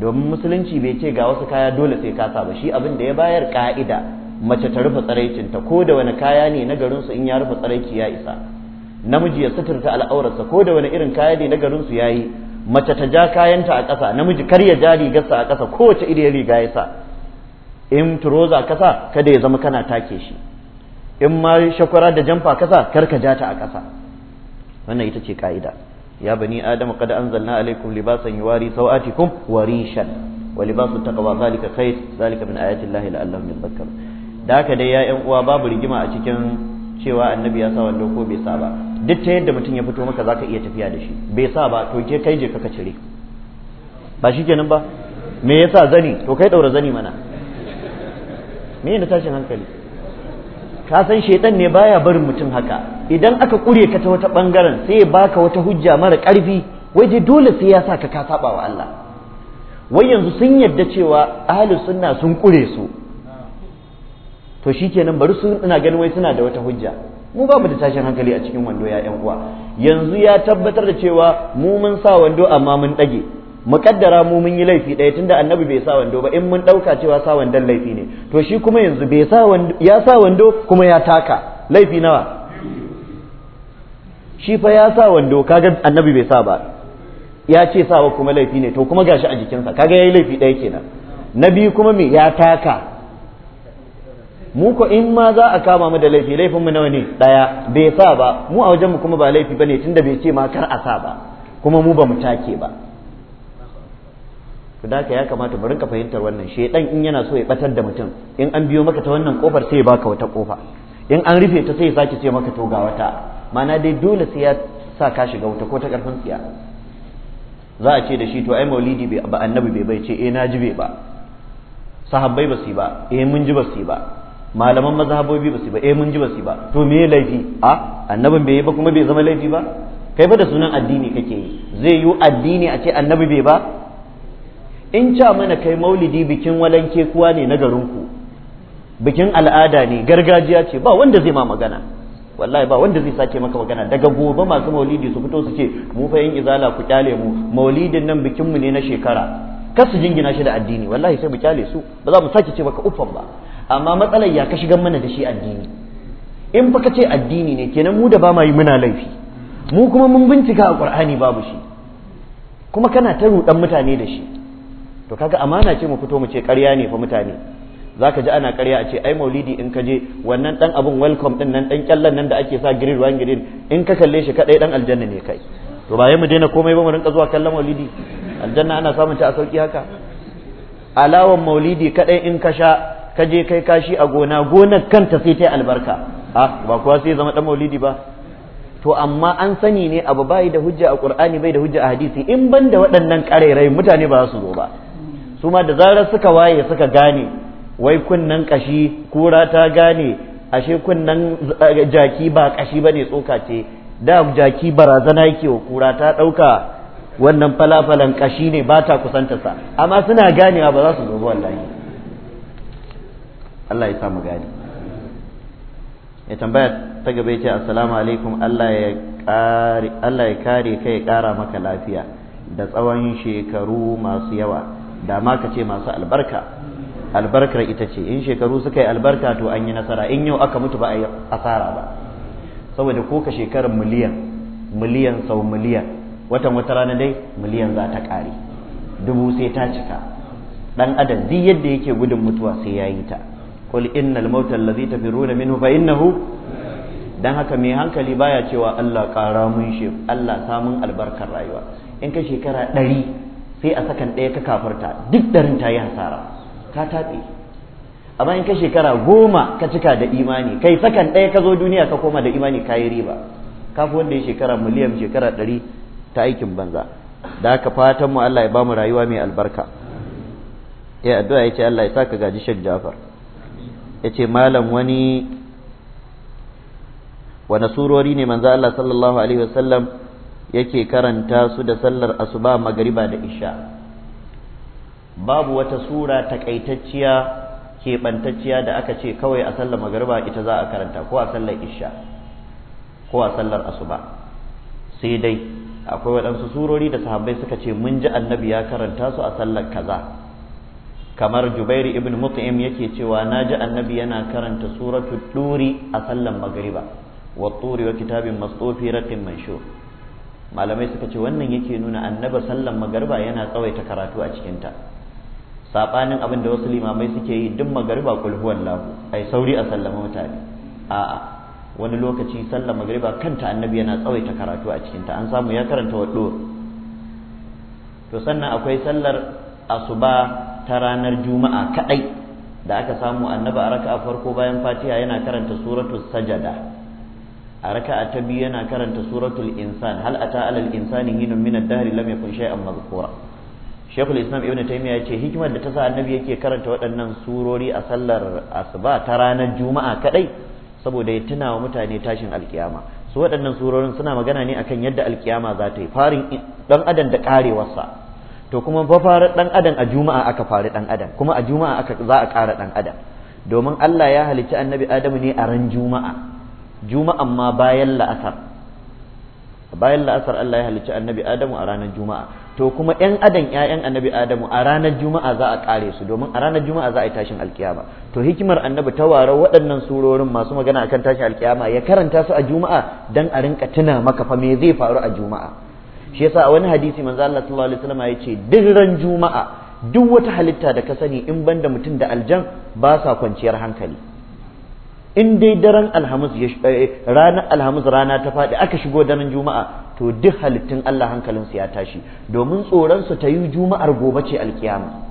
domin musulunci bai ce ga wasu kaya dole sai ka sa ba shi abin da ya bayar ka'ida mace ta rufe tsaraicinta ko da wani kaya ne na garinsu in ya rufe tsaraici ya isa namiji ya suturta al'aurarsa ko da wani irin kaya ne na garinsu ya yi mace ta ja kayanta a ƙasa namiji kar ya ja rigarsa a ƙasa kowace irin riga ya sa in turoza ƙasa, kada ya zama kana take shi in ma shakwara da jamfa ƙasa, kar ka ja ta a ƙasa wannan ita ce ka'ida ya bani adamu qad anzalna alaikum libasan yuwari sawatikum warishan kai, wa libasu taqwa zalika khair zalika min ayati llahi la'allahum yadhakkarun da haka dai ya yan uwa babu rigima a cikin cewa annabi ya sa wando ko bai sa ba duk ta yadda mutum ya fito maka zaka iya tafiya da shi bai sa ba to ke kai je ka cire ba shi kenan ba me yasa zani to kai daura zani mana me ne tashin hankali ka san shaitan ne baya barin mutum haka idan aka kure ka ta wata bangaren sai ya baka wata hujja mara karfi waje dole sai ya sa ka ka saba wa Allah wai yanzu sun yarda cewa ahlus sunna sun kure su to shikenan bari su ina ganin wai suna da wata hujja mu ba mu da tashin hankali a cikin wando ya yan uwa yanzu ya tabbatar da cewa mu mun sa wando amma mun dage Muƙaddara mu mun yi laifi ɗaya tunda annabi bai sa wando ba in mun ɗauka cewa sa wandon laifi ne to shi kuma yanzu bai sa wando ya sa wando kuma ya taka laifi nawa shi fa ya sa wando kaga annabi bai sa ba ya ce sawa kuma laifi ne to kuma gashi a jikinsa kaga yayi laifi ɗaya kenan na biyu kuma me ya taka mu ko in ma za a kama mu da laifi laifin mu nawa ne daya bai sa ba mu a wajen mu kuma ba laifi bane tunda bai ce ma kar a sa ba kuma mu ba mu take ba to da ya kamata mu rinka fahimtar wannan dan in yana so ya batar da mutum in an biyo maka ta wannan kofar sai ya baka wata kofa in an rufe ta sai ya sake ce maka to ga wata ma'ana dai dole sai ya sa ka shiga wuta ko ta karfin tsiya za a ce da shi to ai maulidi ba annabi bai bai ce eh na bai ba sahabbai ba su ba eh mun ji ba su ba malaman mazhabobi ba su ba eh mun ji ba su ba to me laifi a annabin bai yi ba kuma bai zama laifi ba kai ba da sunan addini kake yi zai yi addini a ce annabi bai ba in ca mana kai maulidi bikin walanke kuwa ne na garinku bikin al'ada ne gargajiya ce ba wanda zai ma magana wallahi ba wanda zai sake maka magana daga gobe masu maulidi su fito su ce mu fa yin izala ku kyale mu maulidin nan bikinmu ne na shekara kar su jingina shi da addini wallahi sai mu kyale su ba za mu sake ce maka uffan ba amma matsalar ya ka shigar mana da shi addini in fa ka ce addini ne kenan mu da ba ma yi muna laifi mu kuma mun bincika a qur'ani babu shi kuma kana ta ruɗan mutane da shi to kaga amana ce mu fito mu ce ƙarya ne fa mutane zaka ji ana ƙarya a ce ai maulidi in ka je wannan dan abun welcome din nan dan kyallan nan da ake sa green one green in ka kalle shi kadai dan aljanna ne kai to ba mu daina komai ba mu rinka zuwa kallon maulidi aljanna ana samun ta a sauki haka alawan maulidi kadai in ka sha ka je kai kashi a gona gonar kanta sai ta yi albarka a ba kuwa sai zama dan maulidi ba to amma an sani ne abu bai da hujja a qur'ani bai da hujja a hadisi in ban da waɗannan ƙarairai mutane ba za su zo ba su ma da zarar suka waye suka gane wai kunnan kashi kura ta gane ashe kunnan eh, jaki ba kashi bane tsoka ce da jaki barazana yake wa kura ta ɗauka wannan falafalan kashi ne ba ta kusantarsa amma suna ganewa ba za su zo wallahi Allah ya sa mu gani ya tambaya ta gaba ya ce assalamu alaikum Allah ya kare Allah ya kare kai ya kara maka lafiya da tsawon shekaru masu yawa da ma ka ce masu albarka albarkar ita ce in shekaru suka yi albarka to an yi nasara in yau aka mutu ba a yi asara ba saboda ko ka shekarar miliyan miliyan sau miliyan watan wata rana dai miliyan za ta kare dubu sai ta cika dan adam duk yadda yake gudun mutuwa sai ya yi ta qul innal mauta allazi tafiruna minhu fa innahu dan haka mai hankali baya cewa Allah ƙara mun shi Allah samun albarkar rayuwa in ka shekara ɗari sai a sakan ɗaya ka kafarta duk ɗarin ta yi hasara ka taɓe amma in ka shekara goma ka cika da imani kai sakan ɗaya ka zo duniya ka koma da imani ka yi riba ka fi wanda ya shekara miliyan shekara ɗari ta aikin banza da haka fatan mu Allah ya bamu rayuwa mai albarka ya addu'a ya ce Allah ya saka gaji Sheikh Jafar ya ce malam wani wani surori ne manzo Allah sallallahu alaihi wasallam yake karanta su da sallar asuba magariba da isha babu wata sura takaitacciya keɓantacciya da aka ce kawai a sallar magariba ita za a karanta ko a sallar isha ko a sallar asuba sai dai akwai waɗansu surori da sahabbai suka ce mun ji annabi ya karanta su a sallar kaza kamar Jubairu ibn Mut'im yake cewa naji annabi yana karanta suratu ɗuri a sallan magriba wa turi wa kitabin masdufi raqin manshur malamai suka ce wannan yake nuna annaba sallan magariba yana tsawaita karatu a cikinta saɓanin abin da wasu limamai suke yi duk magariba kulhuwan lahu ai sauri a sallama mutane a'a wani lokaci sallan magariba kanta annabi yana tsawaita karatu a cikinta an samu ya karanta wa to sannan akwai sallar asuba ta ranar juma'a kadai da aka samu annaba a raka'a farko bayan fatiha yana karanta suratul sajada a raka'a ta biyu yana karanta suratul insan hal ata alal insani hinun min ad-dahr lam yakun shay'an mazkura shaykhul Islam Ibn Taymiyyah yace hikimar da ta sa annabi yake karanta waɗannan surori a sallar asuba ta ranar juma'a kadai saboda ya tuna wa mutane tashin alkiyama su waɗannan surorin suna magana ne akan yadda alkiyama za ta yi farin ɗan adam da karewarsa to kuma fa fara dan adam a juma'a aka fara dan adam kuma a juma'a aka za a ƙara dan adam domin Allah ya halicci annabi adam ne a ran juma'a juma'an ma bayan la'asar bayan la'asar Allah ya halicci annabi Adamu a ranar juma'a to kuma yan adam ƴaƴan annabi Adamu a ranar juma'a za a ƙare su domin a ranar juma'a za a yi tashin alkiyama to hikimar annabi ta ware waɗannan surorin masu magana akan tashin alkiyama ya karanta su a juma'a dan a rinka tuna maka fa me zai faru a juma'a shi yasa a wani hadisi manzo Allah sallallahu alaihi wasallam ya ce duk ran juma'a duk wata halitta da ka sani in banda mutum da aljan ba sa kwanciyar hankali in dai daren alhamis eh, ranar alhamis rana ta faɗi aka shigo daren juma'a to duk halittun Allah hankalinsu ya tashi domin tsoron su ta yi juma'ar gobe ce alkiyama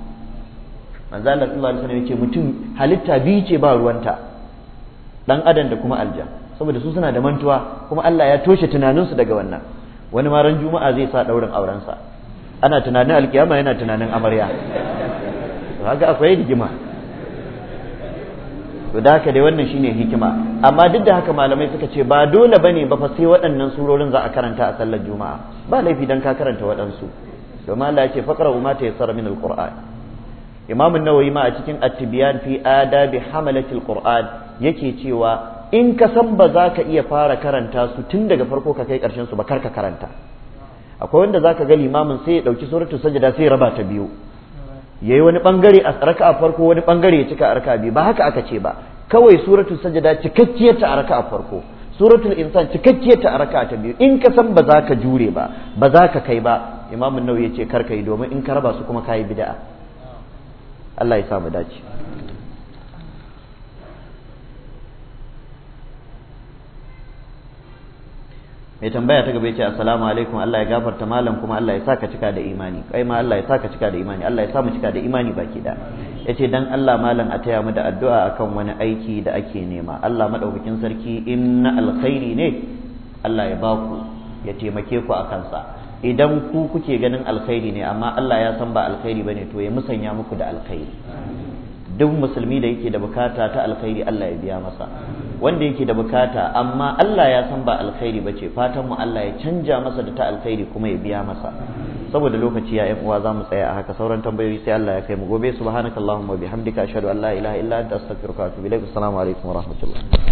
manzo Allah sallallahu alaihi wasallam ya ce mutum halitta biyu ce ba ruwanta dan adam da kuma aljan saboda su suna da mantuwa kuma Allah ya toshe tunaninsu daga wannan wani ma ran juma'a zai sa daurin aurensa ana tunanin alkiyama yana tunanin amarya haka akwai rigima to da haka dai wannan shine hikima amma duk da haka malamai suka ce ba dole bane ba fa sai waɗannan surorin za a karanta a sallar juma'a ba laifi dan ka karanta waɗansu domin Allah ya ce faqra ma tayassara min alquran imam an-nawawi ma a cikin at-tibyan fi adabi hamalati al-qur'an yake cewa in ka san ba za ka iya fara karanta su tun daga farko ka kai karshen su ba kar ka karanta akwai wanda za ka ga limamin sai ya dauki suratu sajada sai ya raba ta biyu ya yi wani ɓangare a a farko wani ɓangare ya cika a raka biyu ba haka aka ce ba kawai suratu sajada cikakkiyar ta a raka a farko suratul insan cikakkiyar ta a raka ta biyu in ka san ba za ka jure ba ba za ka kai ba imamun nawawi ya ce kar ka yi domin in ka raba su kuma ka yi bida'a. Allah ya sa mu dace mai tambaya ta gaba ce assalamu alaikum Allah ya gafarta malam kuma Allah ya saka cika da imani kai ma Allah ya saka cika da imani Allah ya sa mu cika da imani baki da yace dan Allah malam a taya mu da addu'a akan wani aiki da ake nema Allah madaukakin sarki inna alkhairi ne Allah ya baku ya taimake ku a kansa idan ku kuke ganin alkhairi ne amma Allah ya san ba alkhairi bane to ya musanya muku da alkhairi duk musulmi da yake da bukata ta alkhairi Allah ya biya masa wanda yake da bukata amma Allah ya san ba alkhairi bace fatan mu Allah ya canja masa da ta alkhairi kuma ya biya masa saboda lokaci ya yan uwa za mu tsaya a haka sauran tambayoyi sai Allah ya kai mu gobe subhanakallahumma bihamdika ashhadu an la ilaha illa anta astaghfiruka wa atubu ilaik assalamu alaikum wa rahmatullah